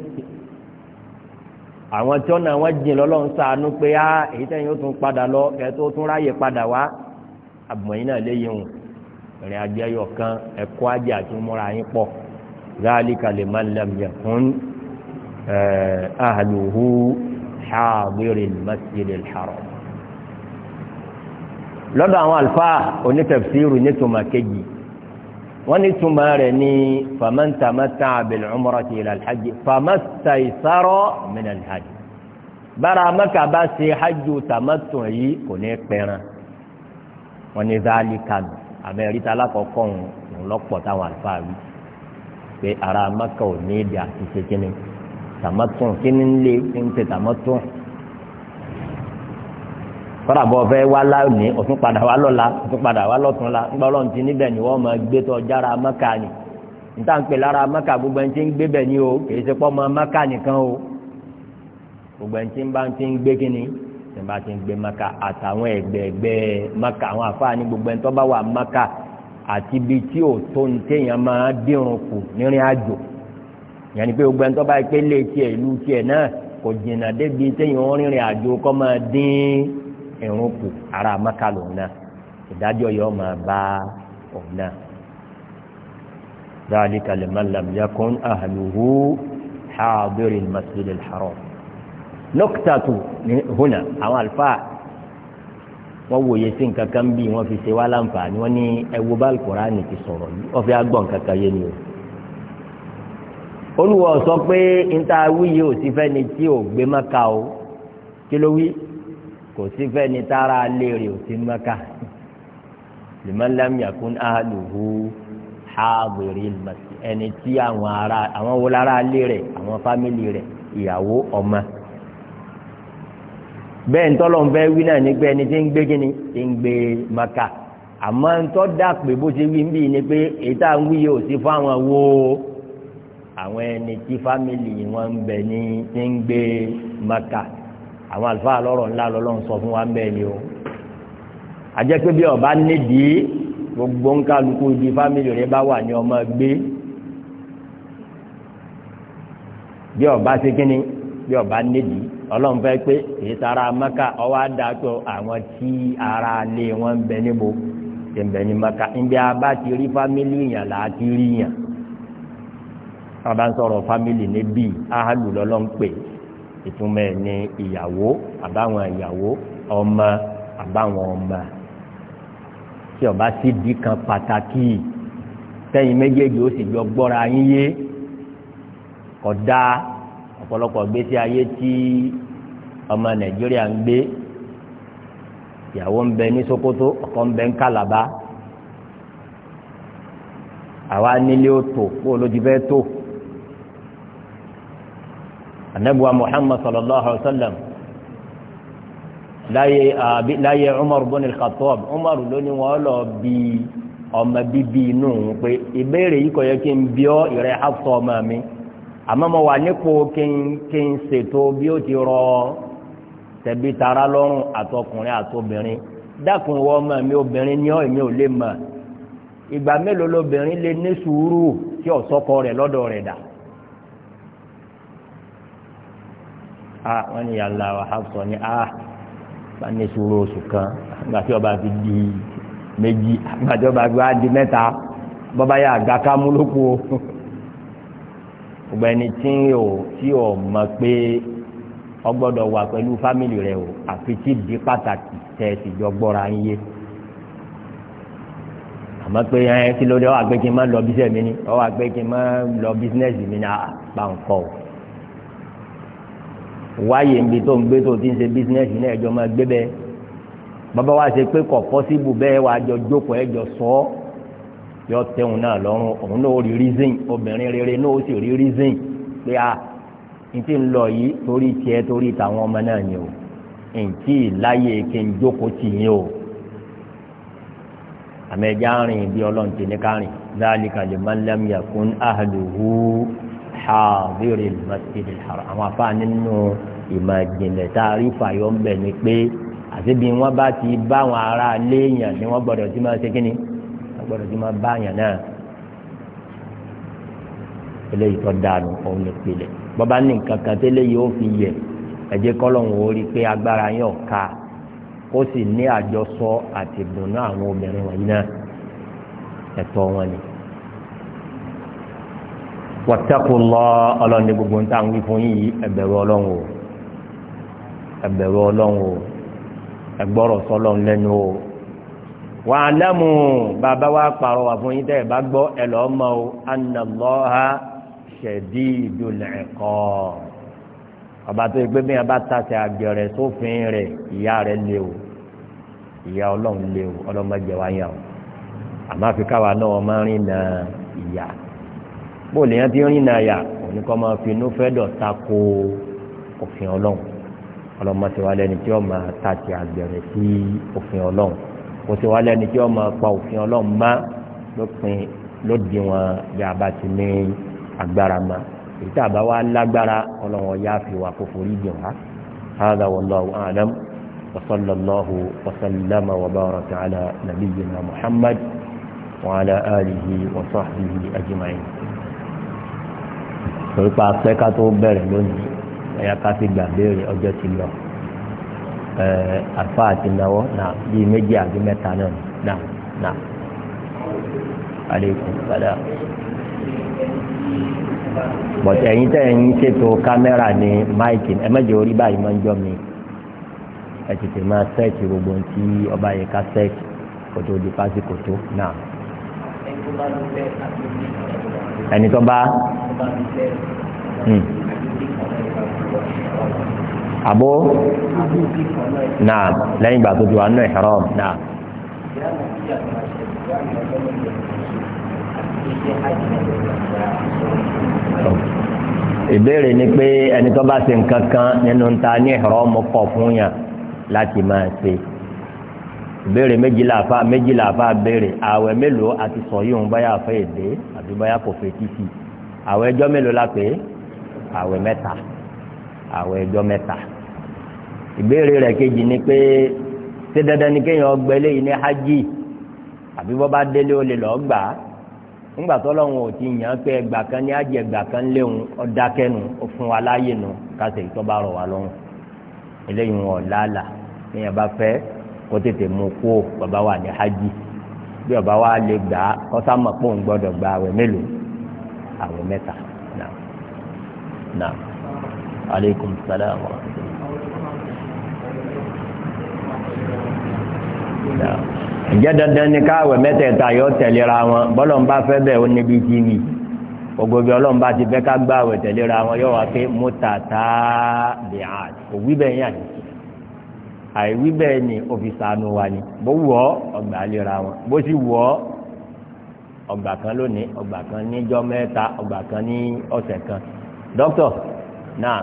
àwọn tí ọ̀nà wọn jìn lọ́lọ́ ń sàánú pé á èyí tẹ́yìn ó tún padà lọ ẹ̀ tó tún ráyè padà wá àbùmọ̀yìn náà léyìn o ìrìn àjẹyọ̀ kan ẹ̀kọ́ ájì àti múra yín pọ̀ gáàlì kàlẹ́ máa ń lẹ́mìí ẹ̀kún ahluhu hadiril masjidil haram lọ́dọ̀ àwọn àlùfáà onítẹ̀fìsìrù nítumọ̀ kejì wọ́n ní túmọ̀ rẹ̀ ní famantamata bil'umrati ila alhaji famastaisaro min alhaji bára mẹ́ka bá ṣe hajj tamattu yìí kò ní pẹ́ran wọ́n ní zálíkà nù amẹ́ríkà alákọ̀ọ́kọ́ ń lọ́pọ̀ táwọn àlùfáà wí pé ara mẹ́ka ò ní èdè àti ṣe kíni tàmátùn kí ni ń lé kí ń ṣe tàmátùn kọ́dà bọ́ fẹ́ wá lónìí ọ̀tún padà wá lọ́la ọ̀tún padà wá lọ́tún la ńgbà ọlọ́run ti níbẹ̀ ni wọ́n máa gbé tọ́ jára mẹ́ka ni níta ń pè lára mẹ́ka gbogbo ẹni tí ń gbé bẹ̀ ni o kì í ṣe pọ́ mọ mẹ́ka nìkan o gbogbo ẹni tí ń bá ti ń gbé kí ni tí ń bá ti ń gbé mẹ́ka àtàwọn ẹ̀gbẹ̀ẹ̀gbẹ́ mẹ́ka àwọn àfáà gbogbo ẹni tó bá wà mẹ́ka àti ibi tí ò tó ní téèyàn máa dírun kù nírìn àjò yẹn ni pé gbogbo ẹni tó bá pé lé tiẹ̀ ìlú tiẹ̀ náà kò jìnnà débi téèyàn ń rìnrìn àjò kọ́ máa dín ìrun kù ara maka náà ìdájọ́ yóò máa bá òun náà. ذلك لمن لم يكن أهله حاضر المسجد الحرام نقطة هنا أو الفاء wọ́n wòye sí nǹkan kan bí wọ́n fi ṣe wá láǹfààní wọ́n ní ẹ̀wọ́ bá Al-Kùránì ti sọ̀rọ̀ yìí wọ́n fi á gbọ́ yé ni o olùwọ̀ sọ pé níta wíyí ò sí fẹ́ni tí ò gbé mọ́ka o kí ló wí kò sí fẹ́ni tára lé rè ò sí mọ́ka liman lam yakun ahluhu hadiril masjid ẹni tí àwọn ará àwọn wo lára lé rẹ̀ àwọn fámìlì rẹ̀ ìyàwó ọmọ bẹ́ẹ̀ ntọ́lọ̀ ń wí náà ní pé ẹni tí ń gbé kíni tí ń gbé maka àmọ́ ntọ́ dà pé bó ṣe wí ń bì ní pé èyí tá à ń wí yìí ò sí fún àwọn wo àwọn ẹni tí fámìlì wọn ń bẹ ní ti ń gbé maka àwọn àlùfáà lọ́rọ̀ ńlá lọ́lọ́run sọ fún wa ń bẹ ni o àjẹ́ pé bí ọba nídìí gbogbo ń kálukú ibi fámìlì rẹ bá wà ní ọmọ gbé bí ọba ṣe kínní bí ọba nídìí ọlọ́run fẹ́ pé èyí tara maka ọwọ́ àdàtọ̀ àwọn tí ara lé wọn ń bẹ níbo ń bẹ ní maka ń bí a ti rí fámìlì yàn là rí yàn bàbá ń sọ̀rọ̀ fámìlì níbí áhàlù lọ́lọ́ ń pè ìtumọ̀ ẹ̀ ní ìyàwó àbáwọn ìyàwó ọmọ àbáwọn ọmọ tí ó bá sì di kan pàtàkì tẹ́yìn méjèèjì ó sì jọ gbọ́ra yín yé kódà ọ̀pọ̀lọpọ̀ gbèsè ayé tí ọmọ nàìjíríà ń gbé ìyàwó ń bẹ ní sokoto ọkọ ń bẹ ní kàlàbá àwa nílé ó tò kó ló fẹ́ tó anabuwa muhammad sallallahu alaihi wa sallam láyé umar bin al-khattab umar ló ní wọ́n lọ bí ọmọ bíbí inú pé ìbéèrè yìí kò yẹ kí n bí ọ ìrẹ́ hafsa ọmọ mi àmọ́ mo wà nípò kí n ṣètò bí ó ti rọ tẹ̀bí tara lọ́rùn àtọkùnrin àtobìnrin dákun wọ ọmọ mi obìnrin ní ọ èmi ò lè mọ̀ ìgbà mélòó lobìnrin lè ní sùúrù tí ọ̀sọ́kọ rẹ̀ lọ́dọ̀ rẹ̀ dà a wọ́n ní yàrá wa hafsọ ní a ah, bá ní sùúrù oṣù kan nígbà ọba fi di méjì nígbà tí ọba fi wá di mẹ́ta bọ́bá yà àgbà ká mú lóko o gbogbo ẹni tí o tí o mọ̀ pé o gbọ́dọ̀ wà pẹ̀lú fámìlì rẹ o àfi tí di pàtàkì tẹ̀ sì jọ gbọ́ra ń yé àmọ́ pé ẹ kí ló dé ọ wà pé kí n má lọ bísẹ̀ mi ni ọ wà pé kí n má lọ bísínẹ́sì mi ni àpá nǹkan o wáyé nbí tó ń gbé tó ti ń ṣe bísínẹ́sì náà ẹjọ́ máa gbé bẹ́ẹ̀ bàbá wa ṣe pé kọ̀ pọ́síbù bẹ́ẹ̀ wà á jọ jókòó ẹjọ́ sọ ọ́ yọ tẹ̀hún náà lọ́rùn òun náà ó rí reason obìnrin rere náà ó sì rí reason pé a ah, n ti ń lọ yìí torí tiẹ̀ torí tàwọn ọmọ náà ni o n tí ì láyé kí n jókòó tì yín o àmẹ́jà rìn bí ọlọ́run ti ní ká rìn dáàlì kàlẹ́ mọ́lẹ́mìyà kún áhàlùhù hadiri al-masjid al-haram àwọn afáà nínú ìmọ̀ ìjìnlẹ̀ tá a rí fàyọ̀ ń bẹ̀ ni pé àti bí wọ́n bá ti bá àwọn ará léèyàn ni wọ́n gbọ́dọ̀ ti máa ṣe kínni wọ́n gbọ́dọ̀ ti máa bá àyàn náà eléyìí tó dànù òun lè pèlè bọ́bá ní nǹkan kan tẹ́lẹ̀ yìí ó fi yẹ ẹ̀jẹ̀ kọ́lọ́hún ó rí i pé agbára yẹn ò ká ó sì ní àjọsọ àti ìdùnnú àwọn obìnrin wọ̀nyí náà ẹ̀tọ́ wọn ni wattaqullah ọlọ́run ní gbogbo nta ń wí fún yín yìí ẹ bẹ̀rù ọlọ́run o ẹ bẹ̀rù ọlọ́run o ẹ gbọ́rọ̀ sọlọ́run lẹ́nu o wà á lẹ́mu bàbá wa pàrọ̀ wà fún yín tẹ́ ẹ bá gbọ́ ẹ lọ́ọ́ mọ o anna Allaha shadidul iqab ọba tó yẹ pé bí wọn bá tàṣẹ àgbẹrẹ sófin rẹ ìyá rẹ lé o ìyá ọlọ́run lé o ọlọ́run má jẹ o àmọ́ àfi káwa náà ọmọ rìn náà ìyá bó lèyàn ti rìn náà òní kọ́ máa fi inú fẹ́ dọ̀ta ko òfin ọlọ́run ọlọ́run máa ti wá lẹ́ni tí ó máa ta ti àgbẹ̀rẹ̀ sí òfin ọlọ́run kò sí wá lẹ́ni tí ó máa pa òfin ọlọ́run má lópin lódì wọn bí a bá ti ní agbára ma èyí tá a bá wá lágbára ọlọ́run ọ̀yá fi wà kó forí jìn wá hādhā wallāhu a'lam wa sallallahu wa sallama wa baraka ala muhammad wa ala alihi wa torí pa pẹ́ ká tó bẹ̀rẹ̀ lónìí ẹ̀yà ká ti gbà béèrè ọjọ́ ti lọ àfa àti náwó náà bíi méjì àbí mẹ́ta náà náà náà aleykum salaam bọ̀tẹ̀ ẹ̀yin tẹ̀ ẹ̀yin ṣètò kámẹ́rà ní máìkì ẹ mẹ́jọ orí báyìí máa ń jọ mi ẹ tètè máa sẹ́ẹ̀kì gbogbo ohun ọba yẹ ká sẹ́ẹ̀kì kò di pásíkò náà ẹni tó bá. Hmm. àbó náà lẹ́yìn ìgbà tó ti wà nínú ihram náà. ìbéèrè ni pé ẹni tó bá ṣe nǹkan kan nínú ta ní ihram kọ̀ fún yàn láti máa ṣe ìbéèrè méjìlá àfa méjìlá àfa béèrè ààwẹ̀ mélòó àti sọ̀yún báyà fẹ́ èdè àbí báyà kò fẹ́ títì àwọn ẹjọ́ mélòó la pè é àwẹ̀ mẹ́ta àwẹ̀ ẹjọ́ mẹ́ta ìbéèrè rẹ̀ kejì ni pé ṣé dandan ni kéèyàn gbẹ léyìí ní hajj àbí bọ́ bá délé ó lè lọ́ọ́ gbà á ńgbà tó lọ́wọ́ ò ti yàn án pé ẹgbà kan ní hajj ẹgbà kan léwu ọ̀dákẹ́nu ó wa láàyè nu kásẹ̀ ìtọ́ bá rọ̀ wá lọ́rùn eléyìí wọn làálà kéèyàn bá fẹ́ kó tètè mú kó bàbá wà ní hajj bí ọba wa lè gbà á kọ́sá mọ̀ gbọ́dọ̀ gba àwẹ̀ mélòó àwẹ̀ mẹ́ta náà náà aleykum salaam wa rahmatulah. ǹjẹ́ dandan ni káwẹ̀ mẹ́tẹ̀ẹ̀ta yóò tẹ̀léra wọn bọ́lọ̀ ń bá fẹ́ bẹ́ẹ̀ ó níbi tí mi gbogbo bí ọlọ́run bá ti fẹ́ ká gbá àwẹ̀ tẹ̀léra wọn yóò wá pé mútàtà bí a bẹ́ẹ̀ yàn ní àìwí bẹ́ẹ̀ ni òfìsànù wa ni bó wù ọgbà lera wọn bó sì wù ọgbà kan lónìí ọgbà kan níjọ́ mẹ́ta ọgbà kan ní ọ̀sẹ̀ kan dókítọ̀ náà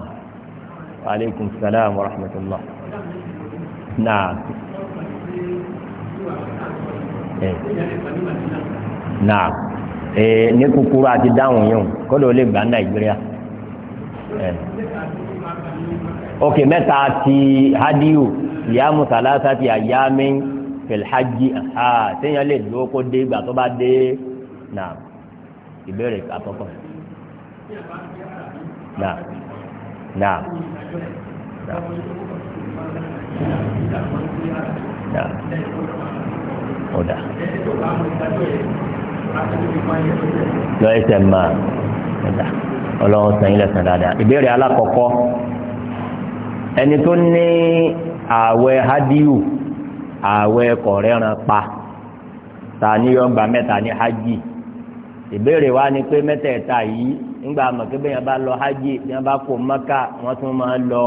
aleykum salaam wa rahmatulah náà eh. náà ee eh, ní kúkúrú àti dáhùn yìí kódò lè gbà nàìjíríà eh. ok mẹ́ta ti hadiyu ìyá musalasa ti àyàmín fìlhajì àti ah, àtẹ̀yìn lè dúró kó dé ìgbà tó bá dé náà ìbéèrè àkọ́kọ́ náà náà náà náà ọ̀dà lọ ẹsẹ̀ máa ọ̀dà ọlọ́run sàn yín lẹ́sàn dáadáa ìbéèrè alákọ̀ọ́kọ́ ẹni tó ní ààwẹ̀ hadiu ààwẹ̀ kọ̀rẹ́ran pa ta ní yọ̀ǹgbà mẹ́ta ní hajj. ìbéèrè wa ni pé mẹ́tẹ̀ẹ̀ta yìí ńgbà mọ̀kẹ́ bẹ́ẹ̀ yẹn bá lọ hajj yẹn bá kó maka wọ́n tún máa lọ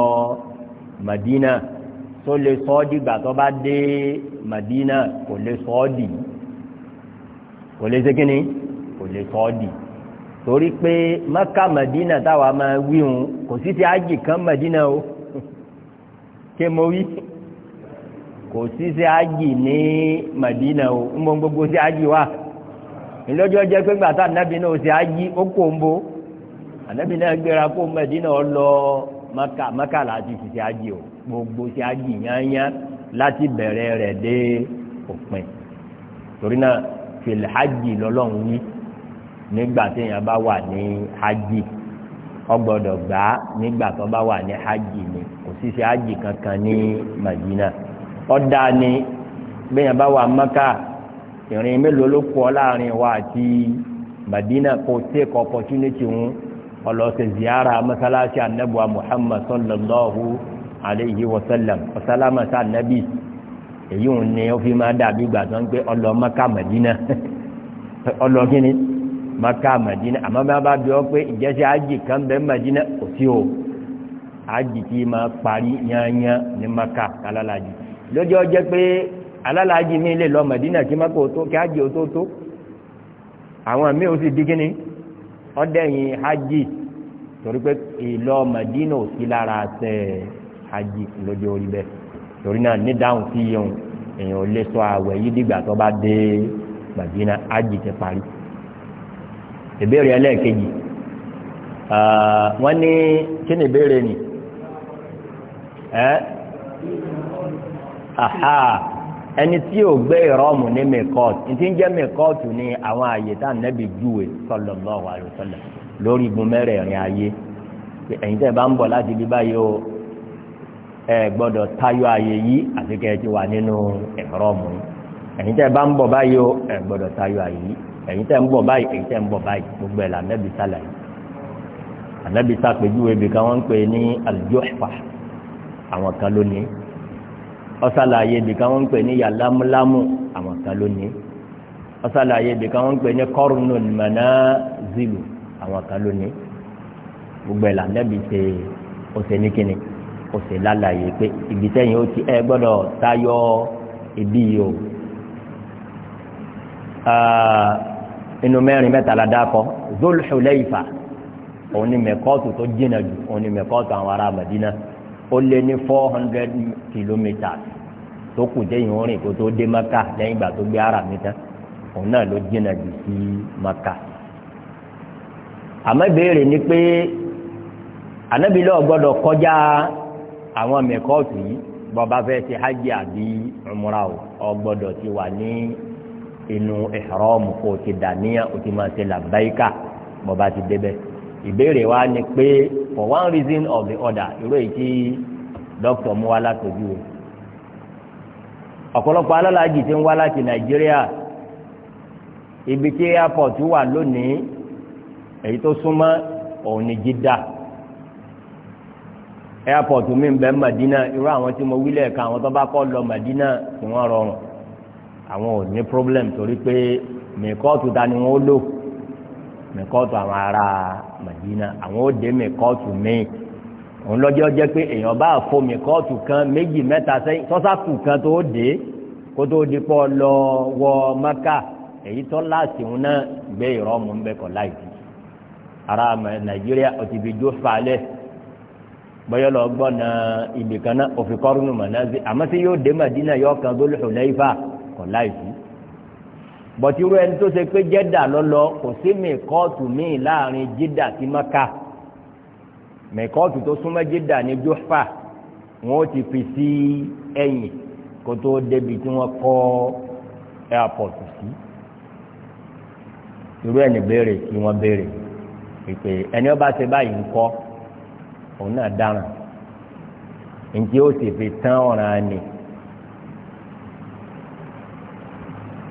madina tó lè sọ ọ́ dìgbà tó bá dé madina kò lè sọ ọ́ dì kò lè ṣe kínní kò lè sọ ọ́ dì torí pé maka madina táwa máa wíhun kò sí ti hajj kan madina o ké mo wí kò sí ti hajj ní madina o ń bọ́ gbogbo ti hajj wa. ìlọ́jọ́ jẹ́ pé gbàtà ànábì náà ó sì á yí ó kó ń bo ànábì náà gbéra kó mẹ́dínà lọ maka maka láti fi ṣe ájì o gbogbo ṣe ájì yányá láti bẹ̀rẹ̀ rẹ̀ dé òpin torí náà fìlẹ̀ ájì lọ́lọ́run wí nígbà téèyàn bá wà ní ájì ọgbọ́dọ̀ gbà á nígbà tó bá wà ní ájì ni kò sí ṣe ájì kankan ní Madina ọ̀dà ni bẹ́ẹ̀ yẹn bá wà maka ìrìn mélòó ló kọ láàrin wa àti Madina kò take opportunity ń ọlọ́sẹ̀ ziyara masalasi anabuwa Muhammad sallallahu alayhi wa sallam ọ̀sálámàsá anabi èyí ń ní ó fi máa dàbí ìgbà tó ń pé ọlọ Maka Madina ọlọ kíni Maka Madina àmọ́ bá bá bí ọ pé ìjẹ́sẹ̀ ájì kan bẹ́ẹ̀ Madina kò sí o ájì tí máa parí yányán ní Maka kálálàjì lójó jẹ́ pé alálàájì mi lè lọ mẹ̀dínà kí mọ́kò tó kí ájì ó tó tó àwọn míì ó sì di kíni ọdẹ́yìn hajj torí pé ìlọ mẹ̀dínà ò sí lára ṣe hajj lójú orí bẹ́ẹ̀ torí náà ní dáhùn sí yẹun èèyàn ò lè sọ àwẹ̀ yìí dìgbà tó bá dé mẹ̀dínà hajj ti parí ìbéèrè ẹlẹ́ẹ̀kejì wọ́n ní kí ni ìbéèrè ni ẹ́ aha ẹni tí ò gbé ìrọ́mù ní mẹ́kọ́ọ̀tù ní ti ń jẹ́ mẹ́kọ́ọ̀tù ní àwọn àyè tá nẹ́bí júwe sallallahu alaihi wasallam lórí igun mẹ́rẹ̀ẹ̀rin ayé ẹ̀yin tẹ́ bá ń bọ̀ láti bí báyìí o ẹ gbọ́dọ̀ tayọ àyè yìí àti kẹ́ ẹ ti wà nínú ìrọ́mù ẹ̀yin tẹ́ bá ń bọ̀ báyìí o ẹ gbọ́dọ̀ tayọ àyè yìí ẹ̀yin tẹ́ ń bọ̀ báyìí ẹ̀yin tẹ́ ń bọ̀ báyìí ọsàlàyé bìkan wọn ń pè ní yàlámúlámù àwọn kan lónìí ọsàlàyé bìkan wọn ń pè ní kọrùnù mọ̀nà zìlù àwọn kan lónìí gbogbo ẹ̀ là nẹ́bi ṣe ọ̀sẹ̀ ní kíni ọ̀sẹ̀ lálàyé pé ibi tẹ́yìn ó ti ẹ gbọ́dọ̀ tayọ ibi yìí o inú mẹ́rin mẹ́ta la dákọ̀ Zul òun ni mẹ́kọ́ọ̀tù tó jìnnà jù òun ni mẹ́kọ́ọ̀tù àwọn ará Madina ó lé ní four hundred kilometres tó kù déyìn orin kó tó dé maka lẹ́yìn ìgbà tó gbé ara mi tán òun náà ló jìnnà jù sí maka àmọ́ ìbéèrè ni pé ànábì lọ́ọ̀ gbọ́dọ̀ kọjá àwọn mẹ́kọ́ọ̀tù yìí bọ́ba fẹ́ ṣe hajj àbí umra o ọ ti wà ní inú ihram kó o ti dà níyà o ti máa ṣe làbáyíkà bọ́ba ti débẹ̀ ìbéèrè wa ni pé for one reason or the other irú èyí tí dókítà mú wa látọjú o ọ̀pọ̀lọpọ̀ alálàájì ti ń wá láti nàìjíríà ibi tí airport wà lónìí èyí tó súnmọ́ òun ni jìdá airport mi ń bẹ Madina irú àwọn tí mo wí lẹ́ẹ̀ka àwọn tó bá kọ́ lọ Madina kí wọ́n rọrùn àwọn ò ní problem torí pé mẹ́kọ́ọ̀tù ta ni wọ́n lò mẹ́kọ́ọ̀tù àwọn ará Madina àwọn ó dé mẹ́kọ́ọ̀tù míì òun lọ́jọ́ jẹ́ pé èèyàn bá fo mẹ́kọ́ọ̀tù kan méjì mẹ́ta sẹ́yìn sọ́sákù kan tó dé kó tó di pọ̀ lọ wọ Mẹ́kà èyí tó láti òun náà gbé ìrọ́mù ń bẹ́kọ̀ láìsí ara Nàìjíríà ó ti fi jó falẹ̀ bọ́yọ̀ lọ gbọ́ na ibì kan náà òfin kọ́rùnù mọ̀ náà sí àmọ́ sí yóò dé Madina yóò kan Dhul Hulayfa kọ̀ láìsí bọ̀tí irú ẹni tó ṣe pé jẹ́dà lọ́lọ́ kò sí mẹ́kọ́ọ̀tù míì láàrin jídà sí maka mẹ́kọ́ọ̀tù tó súnmọ́ jídà ní jọ́fà wọ́n ti fi sí ẹ̀yìn kó tó débi tí wọ́n kọ́ airport sí irú ẹni béèrè kí wọ́n béèrè pé ẹni ọba ṣe báyìí ń kọ́ òun náà dáràn ǹjẹ́ ó sì fi tán ọ̀ràn ni.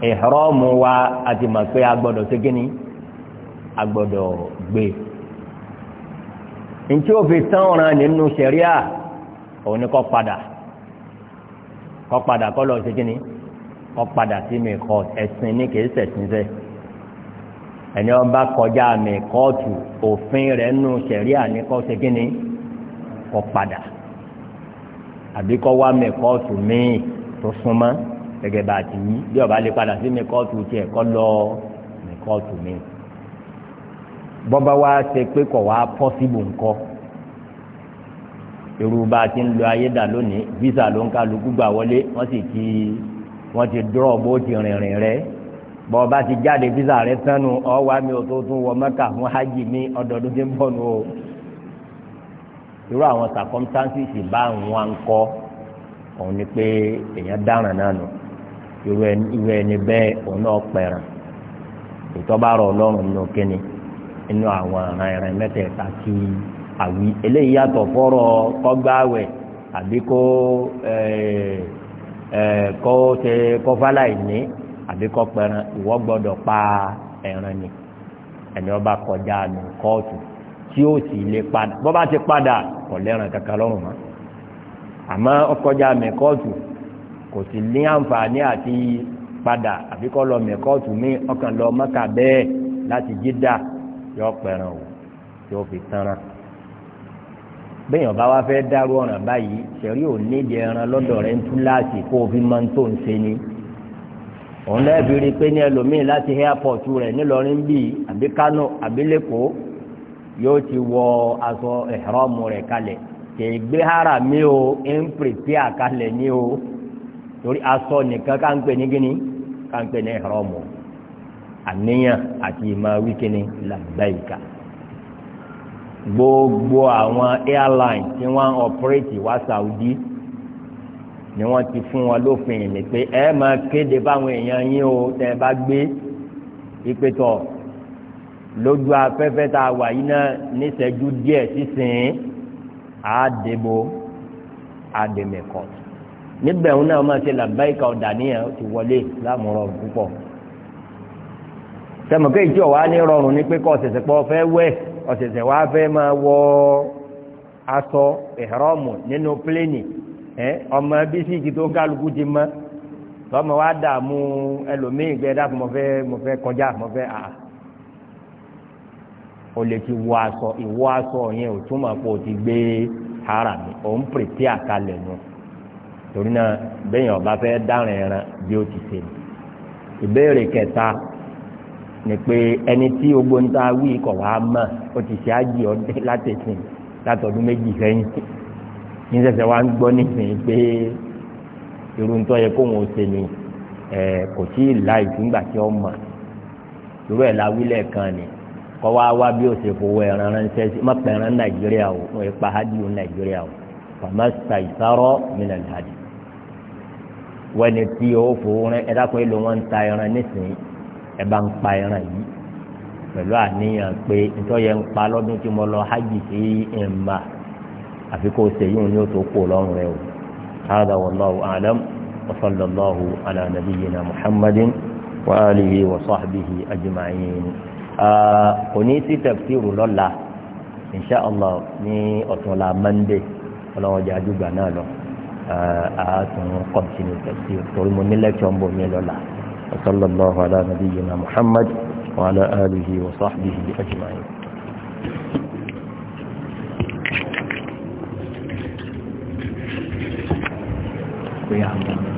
ìhrọ́mù wa àti mọ̀ pé a gbọ́dọ̀ gbé ntí o fi tán ọ̀ràn nínú sẹ̀ríà òun ni kọ́ padà kọ́ padà kọ́ lọ ṣe kọ́ padà sí mi kọ́ ẹ̀sìn ní kìí sẹ́ ẹni kọjá mi gẹ́gẹ́ bá a ti yí bí ọba lè padà sí mi kóòtù tiẹ̀ kọ́ lọ mi kóòtù mi bọ́ba wa ṣe pé kọ̀ wá pọ́síbù ńkọ́ irú bá a ti ń lo ayédà lónìí visa ló ń kálukú gbà wọlé wọ́n sì ti wọ́n ti dúrọ̀ bó ti rìnrìn rẹ̀ bọ́ọ̀bá ti jáde físà rẹ sẹ́nu ọ̀wá mi ò tó tún wọ mẹ́kà fún hajj mi ọdọọdún tí ń bọ̀ nù o. irú àwọn circumstances bá ń wá ń kọ́ òun ni pé èèyàn dáràn náà nù. irú ẹni bẹ́ẹ̀ òun náà pẹ̀ràn ọlọ́run nínú kínní nínú àwọn àrùn ẹ̀rìn mẹ́tẹ̀ẹ̀ta kí àwí eléyìí yàtọ̀ fọ́rọ̀ kọ́gbáwẹ̀ àbí kó kó ṣe kó abi ìní àbí kó pẹ̀ràn gbọ́dọ̀ pa ẹ̀rìn ni ẹni ọba kọjá ní kóòtù tí ó sì lè padà bọ́ bá ti padà kọ̀ kankan lọ́rùn mọ́ kò sì ní àǹfààní àti padà àbí kọ́ lọ mẹ́kọ́ọ̀tù mi ọkàn lọ mọ́kà bẹ́ẹ̀ láti jídà yọ pẹ̀ràn o yóò fi tanra bẹ́ẹ̀yàn bá wá fẹ́ dárú ọ̀ràn báyìí ṣẹ̀rí ò nídìí ẹran lọ́dọ̀ rẹ̀ ń tú láti kó fi máa ń tó ń ṣe ni òun náà fi rí i pé ní ẹlòmíì láti airport rẹ̀ nílọrin bíi àbí Kánò àbí lẹ́kọ̀ọ́ yóò ti wọ aṣọ ẹ̀rọ́mù rẹ̀ kalẹ̀ kì í gbé hàrà mi o ń pèpè àkalẹ̀ ni o torí aṣọ nìkan ká ń pè ní gíní ká ń pè ní ìrọmù àníyàn àti ìmọ̀ wíkíní làbẹ́ìkà gbogbo àwọn airline tí wọ́n ń ọ̀pẹ́rẹ́tì wá Saudi ni wọ́n ti fún wọn lófin ìní pé ẹ máa kéde báwọn èèyàn yín o tẹ́ ẹ bá gbé ìpètọ̀ lójú afẹ́fẹ́ tá a wà yìí náà níṣẹ́jú díẹ̀ sísìn àádébo àdèmẹ̀kọ̀tù níbẹ̀ òun náà máa ṣe làbáyíká ọ̀dà níyà ó ti wọlé láàmú rọrùn púpọ̀ sẹmọ̀kẹ́ ìjọ wa ní rọrùn ní pé kọ́ ọ̀sẹ̀sẹ̀ pọ̀ fẹ́ wẹ̀ ọ̀sẹ̀sẹ̀ wa fẹ́ máa wọ aṣọ ìhrọ́mù nínú pléènì ọmọ bísíìkì tó kálukú ti mọ́ lọ́mọ wa dààmú ẹlòmíì gbẹ dákun mo fẹ́ mo fẹ́ kọjá mo fẹ́ àá o lè ti wọ aṣọ ìwọ aṣọ yẹn ò túmọ̀ pé o ti gbé ara mi ò ń pèsè àkàlẹ̀ nù. No torí náà bẹ́yìn ọba fẹ́ dárìn ẹran bí ó ti ṣe ìbéèrè kẹta ni pé ẹni tí ogbó ń ta wí kọ̀ wá mọ̀ ó ti ṣe ájì ọdẹ látẹ̀sìn látọdún méjì sẹ́yìn ní sẹ́sẹ̀ wá ń gbọ́ nísìnyí pé irú ń tọ́ yẹ kóhun ó ṣe ni kò tí ì láì tí ó mọ̀ irú ẹ̀ la wílẹ̀ kan ni kọ́ wá wá bí ó ṣe fowó ẹran ránṣẹ́ sí mọ́pẹ̀ẹ́rán nàìjíríà o wọ́n pa hádìí nàìjíríà o fàmásà ìsárọ̀ mílẹ̀ hádìí wẹ́ni tí ó fowó rẹ ẹ dákun èlò wọn ń ta ẹran nísìnyí ẹ bá ń pa ẹran yìí pẹ̀lú àníyàn pé ntọ́yẹ ń pa lọ́dún tí mo lọ hajj sí ìmà àfi kó o ṣe yíwọn ní tó kó lọ́rùn rẹ o hàdà wallahu a'lam wa sallallahu ala nabiyyina muhammadin wa alihi wa sahbihi ajma'in òní sí tafsiru lọ́la Allah ní ọ̀túnla monday ọlọ́wọ́jà àdúgbà náà lọ. آتون قبسين الكثير تولم من الله كنبو من الله وصلى الله على نبينا محمد وعلى آله وصحبه أجمعين Yeah,